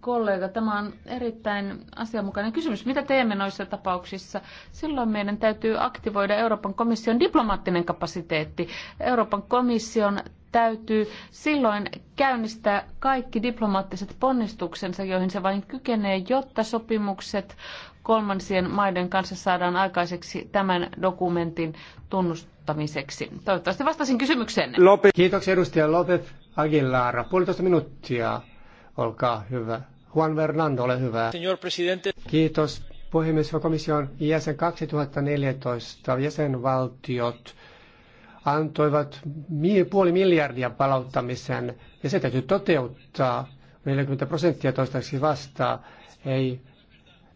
kollega, tämä on erittäin asianmukainen kysymys. Mitä teemme noissa tapauksissa? Silloin meidän täytyy aktivoida Euroopan komission diplomaattinen kapasiteetti. Euroopan komission täytyy silloin käynnistää kaikki diplomaattiset ponnistuksensa, joihin se vain kykenee, jotta sopimukset kolmansien maiden kanssa saadaan aikaiseksi tämän dokumentin tunnustamiseksi. Toivottavasti vastasin kysymykseen. Lope. Kiitoksia edustaja Lopet Aguilar. Puolitoista minuuttia. Olkaa hyvä. Juan Fernando, ole hyvä. Señor presidente. Kiitos puhemies komission jäsen 2014 jäsenvaltiot antoivat puoli miljardia palauttamisen, ja se täytyy toteuttaa. 40 prosenttia toistaiseksi vastaa. Ei,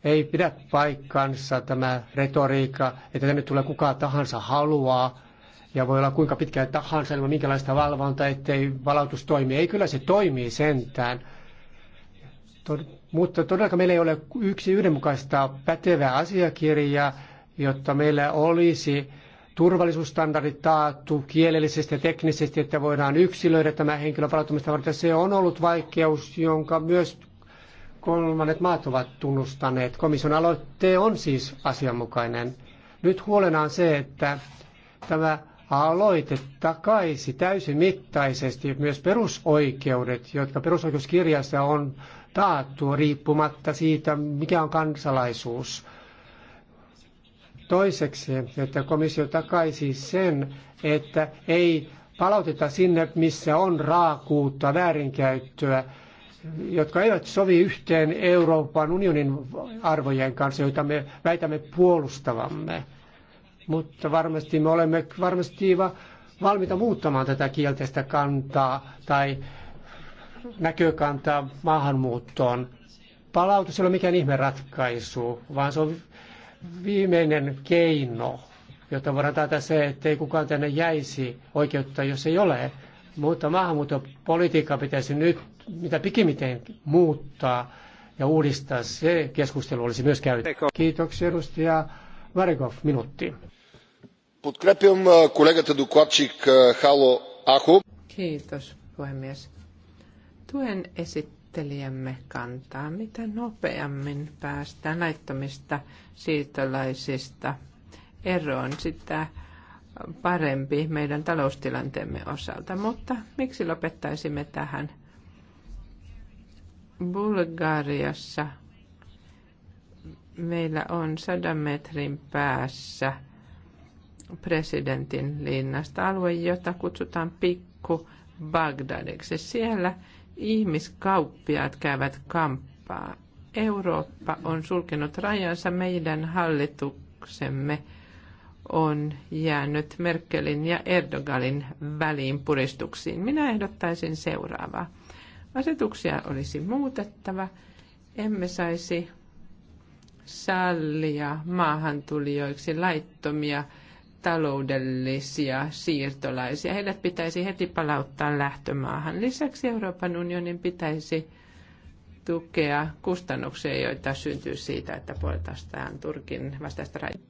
ei pidä paikkansa tämä retoriikka, että tänne tulee kuka tahansa haluaa, ja voi olla kuinka pitkään tahansa ilman minkälaista valvontaa, ettei valautus toimi. Ei, kyllä se toimii sentään. Tod- mutta todella meillä ei ole yksi yhdenmukaista pätevää asiakirjaa, jotta meillä olisi turvallisuusstandardit taattu kielellisesti ja teknisesti, että voidaan yksilöidä tämä henkilö palautumista varten. Se on ollut vaikeus, jonka myös kolmannet maat ovat tunnustaneet. Komission aloitte on siis asianmukainen. Nyt huolena on se, että tämä aloite takaisi mittaisesti myös perusoikeudet, jotka perusoikeuskirjassa on taattu riippumatta siitä, mikä on kansalaisuus. Toiseksi, että komissio takaisi sen, että ei palauteta sinne, missä on raakuutta, väärinkäyttöä, jotka eivät sovi yhteen Euroopan unionin arvojen kanssa, joita me väitämme puolustavamme. Mutta varmasti me olemme varmasti valmiita muuttamaan tätä kielteistä kantaa tai näkökantaa maahanmuuttoon. Palautus ei ole mikään ihme ratkaisu, vaan se on viimeinen keino, jota voidaan taata se, ettei kukaan tänne jäisi oikeutta, jos ei ole. Mutta maahanmuuttopolitiikka pitäisi nyt mitä pikimiten muuttaa ja uudistaa. Se keskustelu olisi myös käyty. Kiitoksia edustaja Varikov, minuutti. Подкрепям колегата докладчик Halo Ахо. Kiitos, puhemies. Tuen esittää esittelijämme kantaa, mitä nopeammin päästään laittomista siirtolaisista eroon, sitä parempi meidän taloustilanteemme osalta. Mutta miksi lopettaisimme tähän? Bulgariassa meillä on sadan metrin päässä presidentin linnasta alue, jota kutsutaan pikku Bagdadiksi. Siellä ihmiskauppiaat käyvät kamppaa. Eurooppa on sulkenut rajansa, meidän hallituksemme on jäänyt Merkelin ja Erdoganin väliin puristuksiin. Minä ehdottaisin seuraavaa. Asetuksia olisi muutettava. Emme saisi sallia maahantulijoiksi laittomia taloudellisia siirtolaisia. Heidät pitäisi heti palauttaa lähtömaahan. Lisäksi Euroopan unionin pitäisi tukea kustannuksia, joita syntyy siitä, että poltaistaan Turkin vastaista rajaa.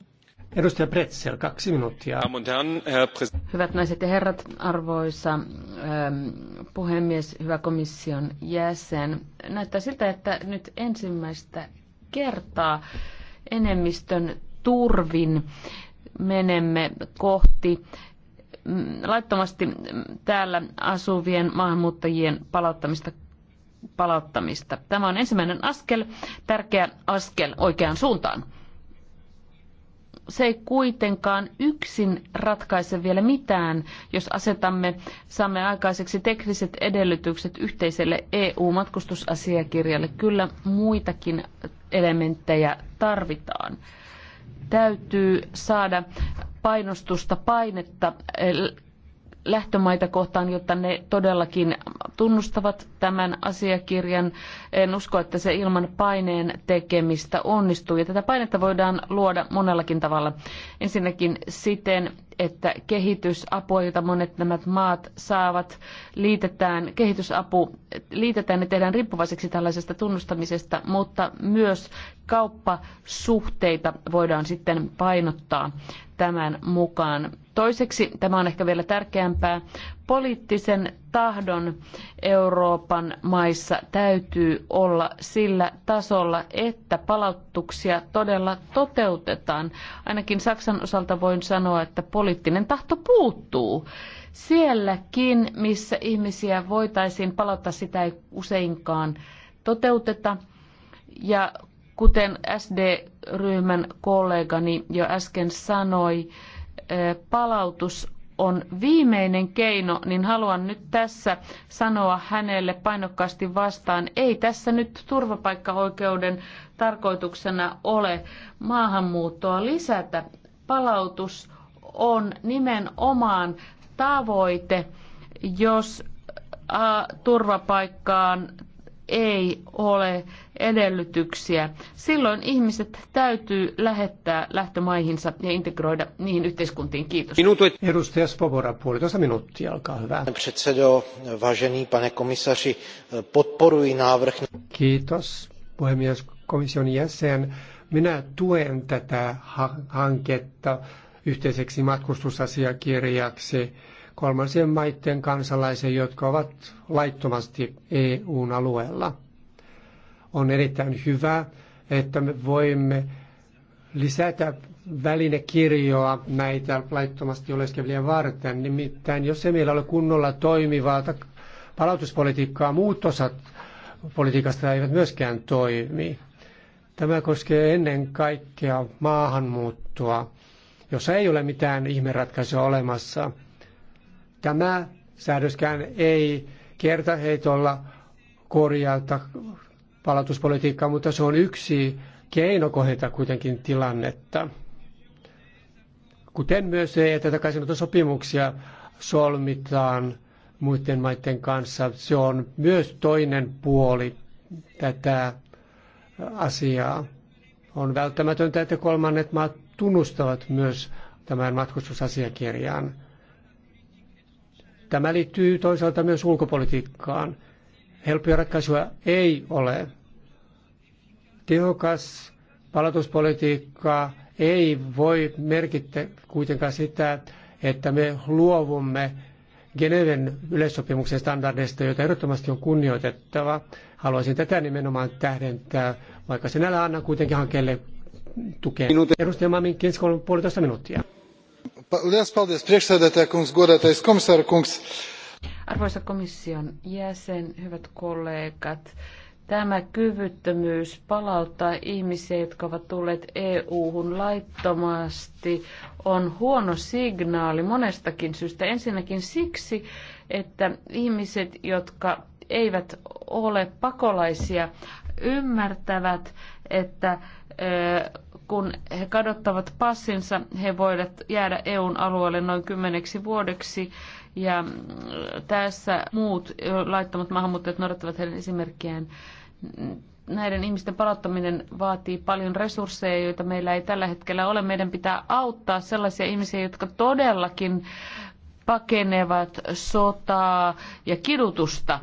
Edustaja Pretzel, kaksi minuuttia. Hyvät naiset ja herrat, arvoisa ähm, puhemies, hyvä komission jäsen. Näyttää siltä, että nyt ensimmäistä kertaa enemmistön turvin menemme kohti mm, laittomasti täällä asuvien maahanmuuttajien palauttamista. palauttamista. Tämä on ensimmäinen askel, tärkeä askel oikeaan suuntaan. Se ei kuitenkaan yksin ratkaise vielä mitään, jos asetamme, saamme aikaiseksi tekniset edellytykset yhteiselle EU-matkustusasiakirjalle. Kyllä muitakin elementtejä tarvitaan täytyy saada painostusta, painetta lähtömaita kohtaan, jotta ne todellakin tunnustavat tämän asiakirjan. En usko, että se ilman paineen tekemistä onnistuu. Ja tätä painetta voidaan luoda monellakin tavalla. Ensinnäkin siten, että kehitysapua, jota monet nämä maat saavat, liitetään, kehitysapu liitetään ja tehdään riippuvaiseksi tällaisesta tunnustamisesta, mutta myös kauppasuhteita voidaan sitten painottaa tämän mukaan. Toiseksi, tämä on ehkä vielä tärkeämpää, poliittisen tahdon Euroopan maissa täytyy olla sillä tasolla, että palautuksia todella toteutetaan. Ainakin Saksan osalta voin sanoa, että poliittinen tahto puuttuu. Sielläkin, missä ihmisiä voitaisiin palauttaa, sitä ei useinkaan toteuteta. Ja Kuten SD-ryhmän kollegani jo äsken sanoi, eh, palautus on viimeinen keino, niin haluan nyt tässä sanoa hänelle painokkaasti vastaan, ei tässä nyt turvapaikkaoikeuden tarkoituksena ole maahanmuuttoa lisätä. Palautus on nimenomaan tavoite, jos turvapaikkaan ei ole edellytyksiä. Silloin ihmiset täytyy lähettää lähtömaihinsa ja integroida niihin yhteiskuntiin. Kiitos. Minuutit. Edustaja Spobora, puolitoista minuuttia, olkaa hyvä. Předsedo, vážený pane komissaři, podporuji návrh. Kiitos, puhemies komission jäsen. Minä tuen tätä hanketta yhteiseksi matkustusasiakirjaksi kolmansien maiden kansalaisia, jotka ovat laittomasti EUn alueella. On erittäin hyvä, että me voimme lisätä välinekirjoa näitä laittomasti oleskelevia varten. Nimittäin, jos ei meillä ole kunnolla toimivaa palautuspolitiikkaa, muut osat politiikasta eivät myöskään toimi. Tämä koskee ennen kaikkea maahanmuuttoa, jossa ei ole mitään ihmeratkaisua olemassa – Tämä säädöskään ei kertaheitolla korjauta palautuspolitiikkaa, mutta se on yksi keino kohdata kuitenkin tilannetta. Kuten myös se, että takaisinottosopimuksia solmitaan muiden maiden kanssa. Se on myös toinen puoli tätä asiaa. On välttämätöntä, että kolmannet maat tunnustavat myös tämän matkustusasiakirjan. Tämä liittyy toisaalta myös ulkopolitiikkaan. Helppoja ratkaisuja ei ole. Tehokas palautuspolitiikka ei voi merkitä kuitenkaan sitä, että me luovumme Geneven yleissopimuksen standardeista, joita ehdottomasti on kunnioitettava. Haluaisin tätä nimenomaan tähdentää, vaikka sinällä annan kuitenkin hankkeelle tukea. Edustaja Mamin Kinsko puolitoista minuuttia. Arvoisa komission jäsen, hyvät kollegat. Tämä kyvyttömyys palauttaa ihmisiä, jotka ovat tulleet EU-hun laittomasti, on huono signaali monestakin syystä. Ensinnäkin siksi, että ihmiset, jotka eivät ole pakolaisia, ymmärtävät, että kun he kadottavat passinsa, he voivat jäädä EUn alueelle noin kymmeneksi vuodeksi. Ja mm, tässä muut laittomat maahanmuuttajat noudattavat heidän esimerkkiään. Näiden ihmisten palauttaminen vaatii paljon resursseja, joita meillä ei tällä hetkellä ole. Meidän pitää auttaa sellaisia ihmisiä, jotka todellakin pakenevat sotaa ja kidutusta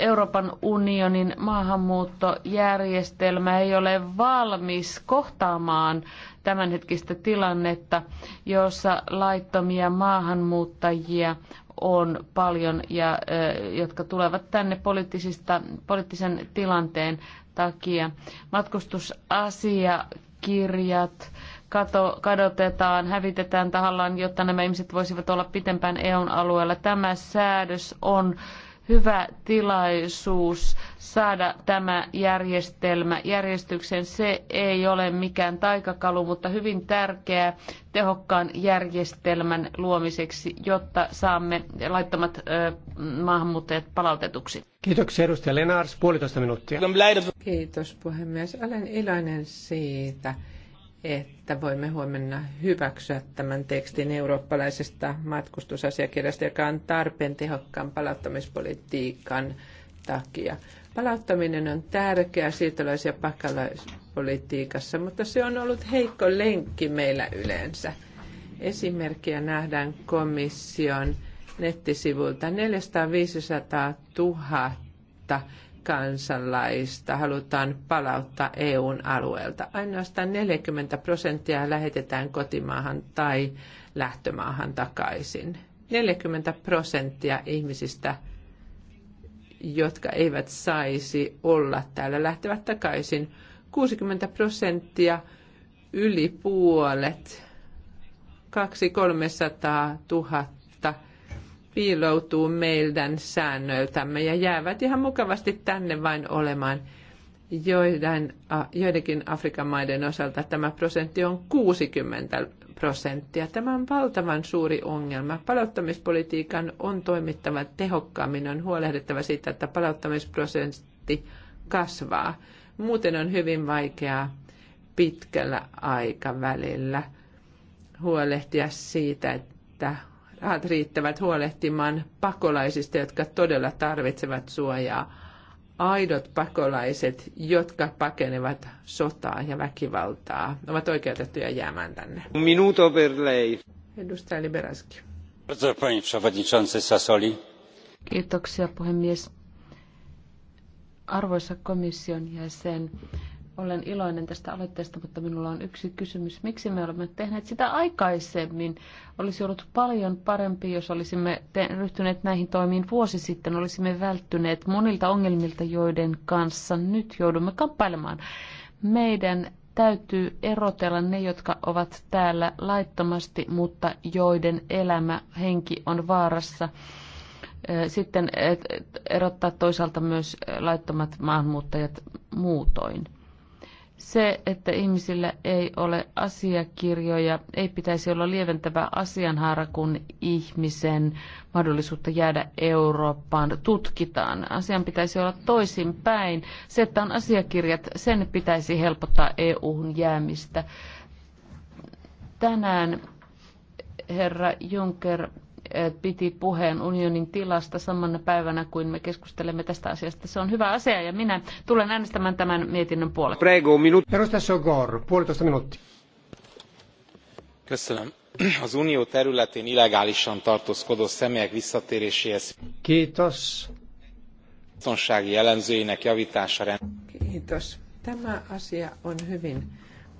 Euroopan unionin maahanmuuttojärjestelmä ei ole valmis kohtaamaan tämänhetkistä tilannetta, jossa laittomia maahanmuuttajia on paljon ja jotka tulevat tänne poliittisista, poliittisen tilanteen takia. Matkustusasiakirjat kato, kadotetaan, hävitetään tahallaan, jotta nämä ihmiset voisivat olla pitempään EUn alueella. Tämä säädös on hyvä tilaisuus saada tämä järjestelmä järjestyksen. Se ei ole mikään taikakalu, mutta hyvin tärkeä tehokkaan järjestelmän luomiseksi, jotta saamme laittomat ö, maahanmuuttajat palautetuksi. Kiitoksia edustaja Lenars, puolitoista minuuttia. Kiitos puhemies. Olen iloinen siitä, että voimme huomenna hyväksyä tämän tekstin eurooppalaisesta matkustusasiakirjasta, joka on tarpeen tehokkaan palauttamispolitiikan takia. Palauttaminen on tärkeä siirtolais- ja pakalaispolitiikassa, mutta se on ollut heikko lenkki meillä yleensä. Esimerkkiä nähdään komission nettisivulta 400-500 000 kansalaista halutaan palauttaa EUn alueelta. Ainoastaan 40 prosenttia lähetetään kotimaahan tai lähtömaahan takaisin. 40 prosenttia ihmisistä, jotka eivät saisi olla täällä, lähtevät takaisin. 60 prosenttia, yli puolet, 2 300 000 piiloutuu meidän säännöiltämme ja jäävät ihan mukavasti tänne vain olemaan. Joiden, joidenkin Afrikan maiden osalta tämä prosentti on 60 prosenttia. Tämä on valtavan suuri ongelma. Palauttamispolitiikan on toimittava tehokkaammin, on huolehdittava siitä, että palauttamisprosentti kasvaa. Muuten on hyvin vaikeaa pitkällä aikavälillä huolehtia siitä, että rahat riittävät huolehtimaan pakolaisista, jotka todella tarvitsevat suojaa. Aidot pakolaiset, jotka pakenevat sotaa ja väkivaltaa, ovat oikeutettuja jäämään tänne. Minuto per lei. Edustaja Liberaski. Kiitoksia puhemies. Arvoisa komission jäsen, olen iloinen tästä aloitteesta, mutta minulla on yksi kysymys. Miksi me olemme tehneet sitä aikaisemmin? Olisi ollut paljon parempi, jos olisimme te- ryhtyneet näihin toimiin vuosi sitten. Olisimme välttyneet monilta ongelmilta, joiden kanssa nyt joudumme kamppailemaan. Meidän täytyy erotella ne, jotka ovat täällä laittomasti, mutta joiden elämä, henki on vaarassa. Sitten erottaa toisaalta myös laittomat maahanmuuttajat muutoin. Se, että ihmisillä ei ole asiakirjoja, ei pitäisi olla lieventävä asianhaara, kun ihmisen mahdollisuutta jäädä Eurooppaan tutkitaan. Asian pitäisi olla toisinpäin. Se, että on asiakirjat, sen pitäisi helpottaa EU-hun jäämistä. Tänään herra Juncker Äh, piti puheen unionin tilasta samana päivänä, kuin me keskustelemme tästä asiasta. Se on hyvä asia ja minä tulen äänestämään tämän mietinnön puolesta. Prego, minut. Perustessa gor puolitoista minuuttia. Köszönöm. Az unió területén illegálisan tartózkodó személyek visszatéréséhez. Kiitos. Biztonsági jellemzőinek javítása. Kiitos. Tämä asia on hyvin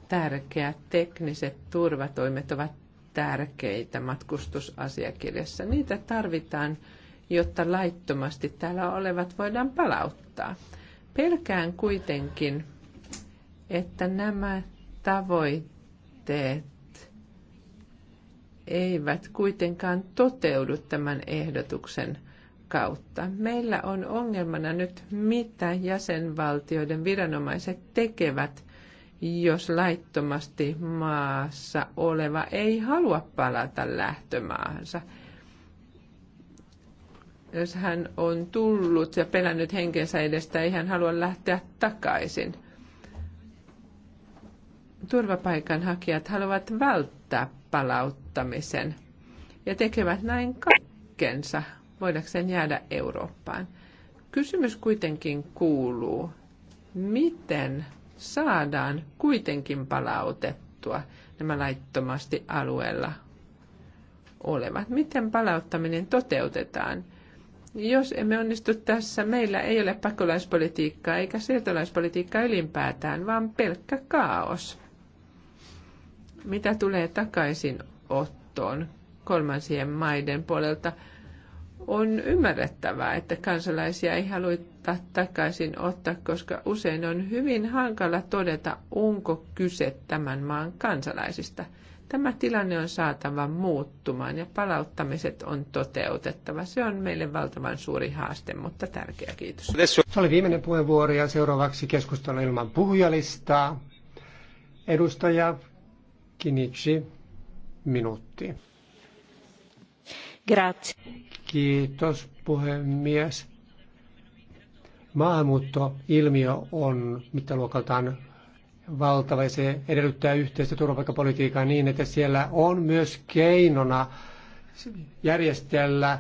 tärkeä. Tekniset turvatoimet ovat tärkeitä matkustusasiakirjassa. Niitä tarvitaan, jotta laittomasti täällä olevat voidaan palauttaa. Pelkään kuitenkin, että nämä tavoitteet eivät kuitenkaan toteudu tämän ehdotuksen kautta. Meillä on ongelmana nyt, mitä jäsenvaltioiden viranomaiset tekevät jos laittomasti maassa oleva ei halua palata lähtömaahansa. Jos hän on tullut ja pelännyt henkensä edestä, ei hän halua lähteä takaisin. Turvapaikanhakijat haluavat välttää palauttamisen ja tekevät näin kaikkensa voidakseen jäädä Eurooppaan. Kysymys kuitenkin kuuluu, miten saadaan kuitenkin palautettua nämä laittomasti alueella olevat. Miten palauttaminen toteutetaan? Jos emme onnistu tässä, meillä ei ole pakolaispolitiikkaa eikä siirtolaispolitiikkaa ylipäätään, vaan pelkkä kaos. Mitä tulee takaisin ottoon kolmansien maiden puolelta, on ymmärrettävää, että kansalaisia ei haluta takaisin ottaa, koska usein on hyvin hankala todeta, onko kyse tämän maan kansalaisista. Tämä tilanne on saatava muuttumaan ja palauttamiset on toteutettava. Se on meille valtavan suuri haaste, mutta tärkeä kiitos. Se oli viimeinen puheenvuoro ja seuraavaksi keskustelu ilman puhujalistaa. Edustaja Kinichi, minuutti. Grazie. Kiitos puhemies. Maahanmuuttoilmiö on mittaluokaltaan valtava ja se edellyttää yhteistä turvapaikkapolitiikkaa niin, että siellä on myös keinona järjestellä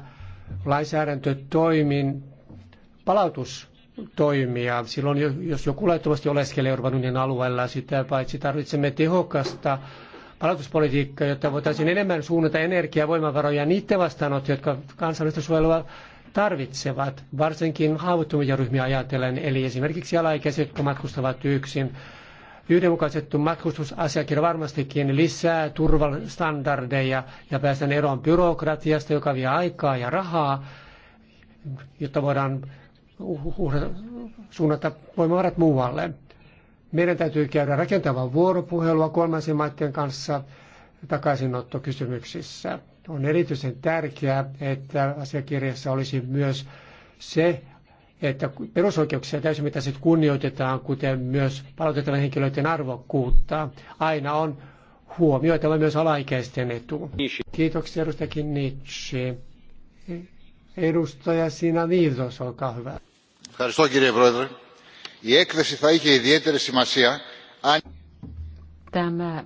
lainsäädäntötoimin palautustoimia. Silloin, jos joku laittomasti oleskelee Euroopan unionin alueella, sitä paitsi tarvitsemme tehokasta palautuspolitiikkaa, jotta voitaisiin enemmän suunnata energiaa ja voimavaroja niiden vastaanot, jotka kansallista suojelua tarvitsevat, varsinkin haavoittuvia ryhmiä ajatellen, eli esimerkiksi alaikäiset, jotka matkustavat yksin. Yhdenmukaistettu matkustusasiakirja varmastikin lisää turvastandardeja ja päästään eroon byrokratiasta, joka vie aikaa ja rahaa, jotta voidaan suunnata voimavarat muualle. Meidän täytyy käydä rakentavaa vuoropuhelua kolmansien maiden kanssa takaisinottokysymyksissä. On erityisen tärkeää, että asiakirjassa olisi myös se, että perusoikeuksia täysimittaiset kunnioitetaan, kuten myös palautettavien henkilöiden arvokkuutta. Aina on huomioitava myös alaikäisten etu. Kiitoksia edustaja Kinnitsi. Edustaja Sina Niitos, olkaa hyvä. Kiitos, Η έκθεση θα είχε ιδιαίτερη σημασία αν... Tämä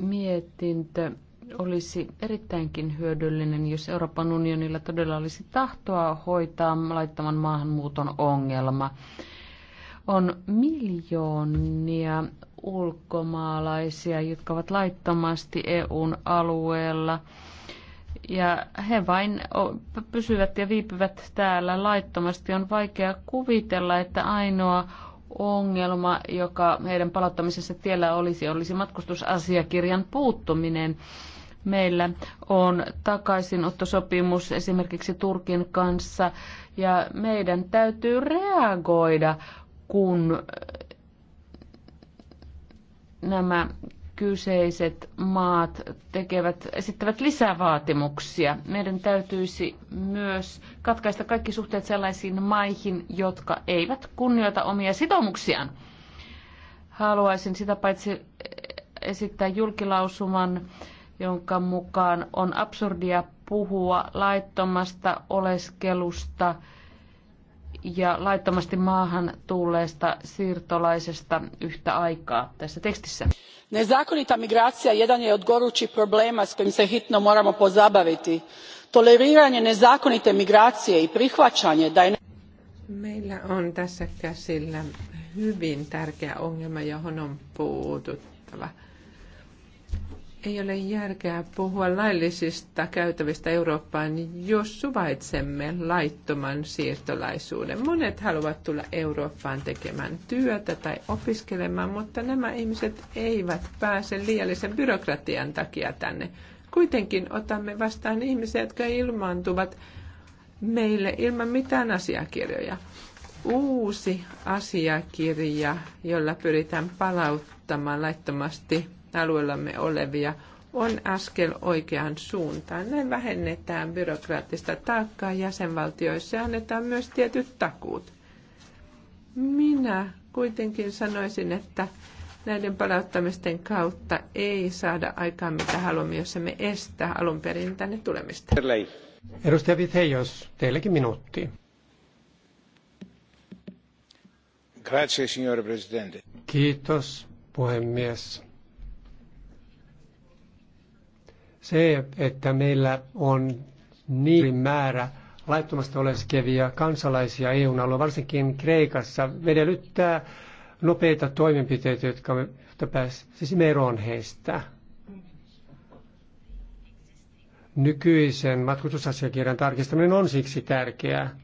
mietintö olisi erittäinkin hyödyllinen, jos Euroopan unionilla todella olisi tahtoa hoitaa laittoman maahanmuuton ongelma. On miljoonia ulkomaalaisia, jotka ovat laittomasti EUn alueella ja he vain pysyvät ja viipyvät täällä laittomasti. On vaikea kuvitella, että ainoa ongelma, joka heidän palauttamisessa tiellä olisi, olisi matkustusasiakirjan puuttuminen. Meillä on takaisinottosopimus esimerkiksi Turkin kanssa ja meidän täytyy reagoida, kun nämä kyseiset maat tekevät, esittävät lisävaatimuksia. Meidän täytyisi myös katkaista kaikki suhteet sellaisiin maihin, jotka eivät kunnioita omia sitoumuksiaan. Haluaisin sitä paitsi esittää julkilausuman, jonka mukaan on absurdia puhua laittomasta oleskelusta – ja laittomasti maahan tulleesta siirtolaisesta yhtä aikaa tässä tekstissä. Nezakonita migracija jedan je od gorućih problema s kojim se hitno moramo pozabaviti. Toleriranje nezakonite migracije i prihvaćanje da je... Meillä on tässä käsillä hyvin tärkeä ongelma, johon on puututtava. Ei ole järkeä puhua laillisista käytävistä Eurooppaan, jos suvaitsemme laittoman siirtolaisuuden. Monet haluavat tulla Eurooppaan tekemään työtä tai opiskelemaan, mutta nämä ihmiset eivät pääse liiallisen byrokratian takia tänne. Kuitenkin otamme vastaan ihmisiä, jotka ilmaantuvat meille ilman mitään asiakirjoja. Uusi asiakirja, jolla pyritään palauttamaan laittomasti alueellamme olevia on askel oikeaan suuntaan. Näin vähennetään byrokraattista taakkaa jäsenvaltioissa ja annetaan myös tietyt takuut. Minä kuitenkin sanoisin, että näiden palauttamisten kautta ei saada aikaan mitä haluamme, jos emme estä alun perin tänne tulemista. Edustaja Vitheios, teillekin minuutti. Grazie, signore Presidente. Kiitos, puhemies. Se, että meillä on niin määrä laittomasti oleskevia kansalaisia EUn alueella, varsinkin Kreikassa, vedellyttää nopeita toimenpiteitä, jotka me, jotta pääsisimme eroon heistä. Nykyisen matkustusasiakirjan tarkistaminen on siksi tärkeää.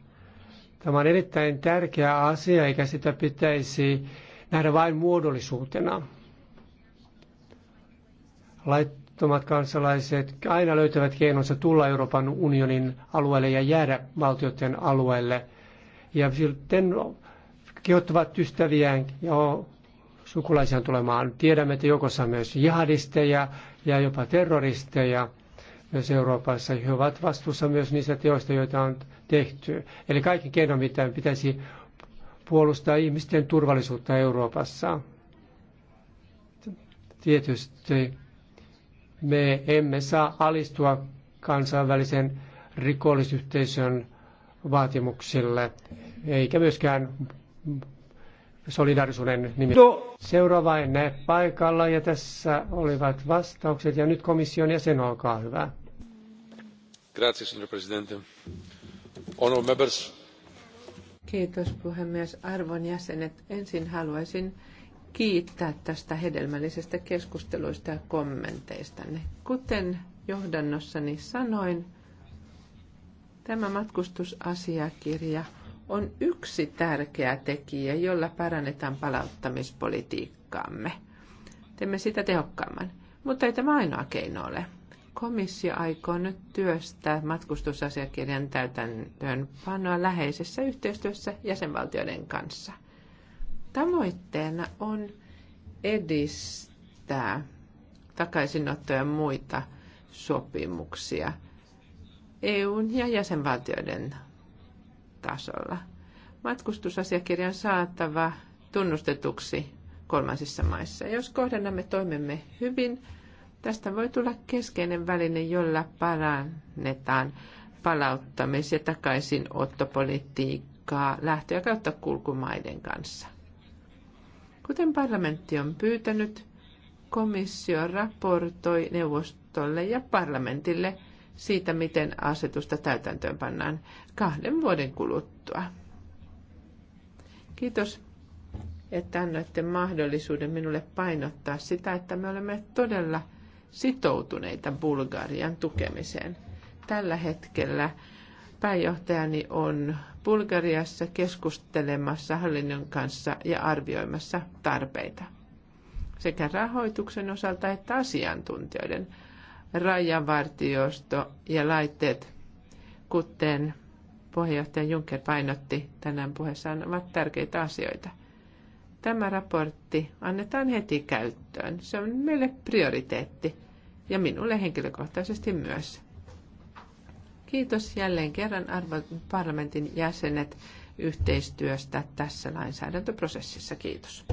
Tämä on erittäin tärkeä asia, eikä sitä pitäisi nähdä vain muodollisuutena. Lait- laittomat kansalaiset aina löytävät keinonsa tulla Euroopan unionin alueelle ja jäädä valtioiden alueelle. Ja sitten kehottavat ystäviään ja sukulaisiaan tulemaan. Tiedämme, että joukossa on myös jihadisteja ja jopa terroristeja myös Euroopassa. He ovat vastuussa myös niistä teoista, joita on tehty. Eli kaikki keino, mitä pitäisi puolustaa ihmisten turvallisuutta Euroopassa. Tietysti me emme saa alistua kansainvälisen rikollisyhteisön vaatimuksille, eikä myöskään solidarisuuden nimi. No. Seuraava ennen paikalla ja tässä olivat vastaukset ja nyt komission jäsen, olkaa hyvä. Grazie, signor Presidente. members. Kiitos puhemies. Arvon jäsenet, ensin haluaisin kiittää tästä hedelmällisestä keskusteluista ja kommenteistanne. Kuten johdannossani sanoin, tämä matkustusasiakirja on yksi tärkeä tekijä, jolla parannetaan palauttamispolitiikkaamme. Teemme sitä tehokkaamman, mutta ei tämä ainoa keino ole. Komissio aikoo nyt työstää matkustusasiakirjan täytäntöönpanoa läheisessä yhteistyössä jäsenvaltioiden kanssa – Tavoitteena on edistää takaisinottoja ja muita sopimuksia EUn ja jäsenvaltioiden tasolla. Matkustusasiakirjan saatava tunnustetuksi kolmansissa maissa. Jos kohdennamme toimemme hyvin, tästä voi tulla keskeinen väline, jolla parannetaan palauttamis- ja takaisinottopolitiikkaa lähtö- ja kulkumaiden kanssa. Kuten parlamentti on pyytänyt, komissio raportoi neuvostolle ja parlamentille siitä, miten asetusta täytäntöön pannaan kahden vuoden kuluttua. Kiitos, että annoitte mahdollisuuden minulle painottaa sitä, että me olemme todella sitoutuneita Bulgarian tukemiseen. Tällä hetkellä pääjohtajani on Bulgariassa keskustelemassa hallinnon kanssa ja arvioimassa tarpeita sekä rahoituksen osalta että asiantuntijoiden rajavartiosto ja laitteet, kuten puheenjohtaja Juncker painotti tänään puheessaan, ovat tärkeitä asioita. Tämä raportti annetaan heti käyttöön. Se on meille prioriteetti ja minulle henkilökohtaisesti myös. Kiitos jälleen kerran arvon parlamentin jäsenet yhteistyöstä tässä lainsäädäntöprosessissa. Kiitos.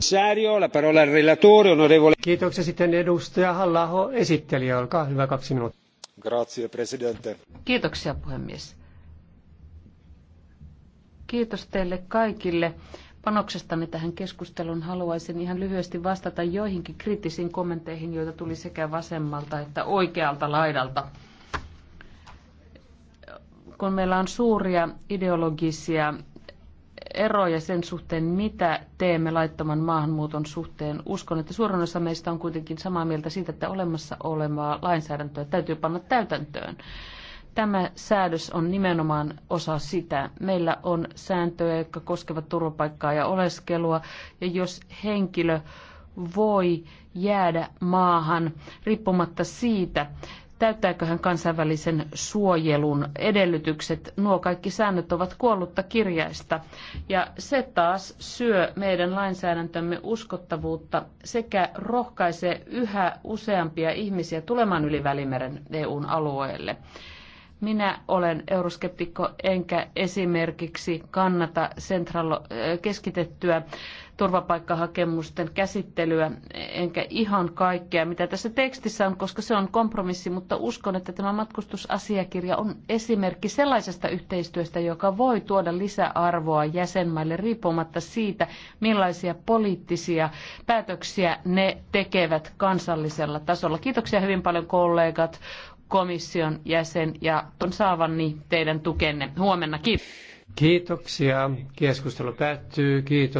Kiitoksia sitten edustaja Hallaho esittelijä. Olkaa hyvä kaksi minuuttia. Grazie, presidente. Kiitoksia puhemies. Kiitos teille kaikille Panoksestani tähän keskusteluun haluaisin ihan lyhyesti vastata joihinkin kriittisiin kommentteihin, joita tuli sekä vasemmalta että oikealta laidalta kun meillä on suuria ideologisia eroja sen suhteen, mitä teemme laittoman maahanmuuton suhteen. Uskon, että suurin osa meistä on kuitenkin samaa mieltä siitä, että olemassa olevaa lainsäädäntöä täytyy panna täytäntöön. Tämä säädös on nimenomaan osa sitä. Meillä on sääntöjä, jotka koskevat turvapaikkaa ja oleskelua, ja jos henkilö voi jäädä maahan riippumatta siitä, täyttääkö hän kansainvälisen suojelun edellytykset. Nuo kaikki säännöt ovat kuollutta kirjaista. Ja se taas syö meidän lainsäädäntömme uskottavuutta sekä rohkaisee yhä useampia ihmisiä tulemaan yli Välimeren EUn alueelle. Minä olen euroskeptikko enkä esimerkiksi kannata sentralo- äh, keskitettyä turvapaikkahakemusten käsittelyä, enkä ihan kaikkea, mitä tässä tekstissä on, koska se on kompromissi, mutta uskon, että tämä matkustusasiakirja on esimerkki sellaisesta yhteistyöstä, joka voi tuoda lisäarvoa jäsenmaille riippumatta siitä, millaisia poliittisia päätöksiä ne tekevät kansallisella tasolla. Kiitoksia hyvin paljon kollegat, komission jäsen ja on niin teidän tukenne huomenna. Kiitos. Kiitoksia. Keskustelu päättyy. Kiitos.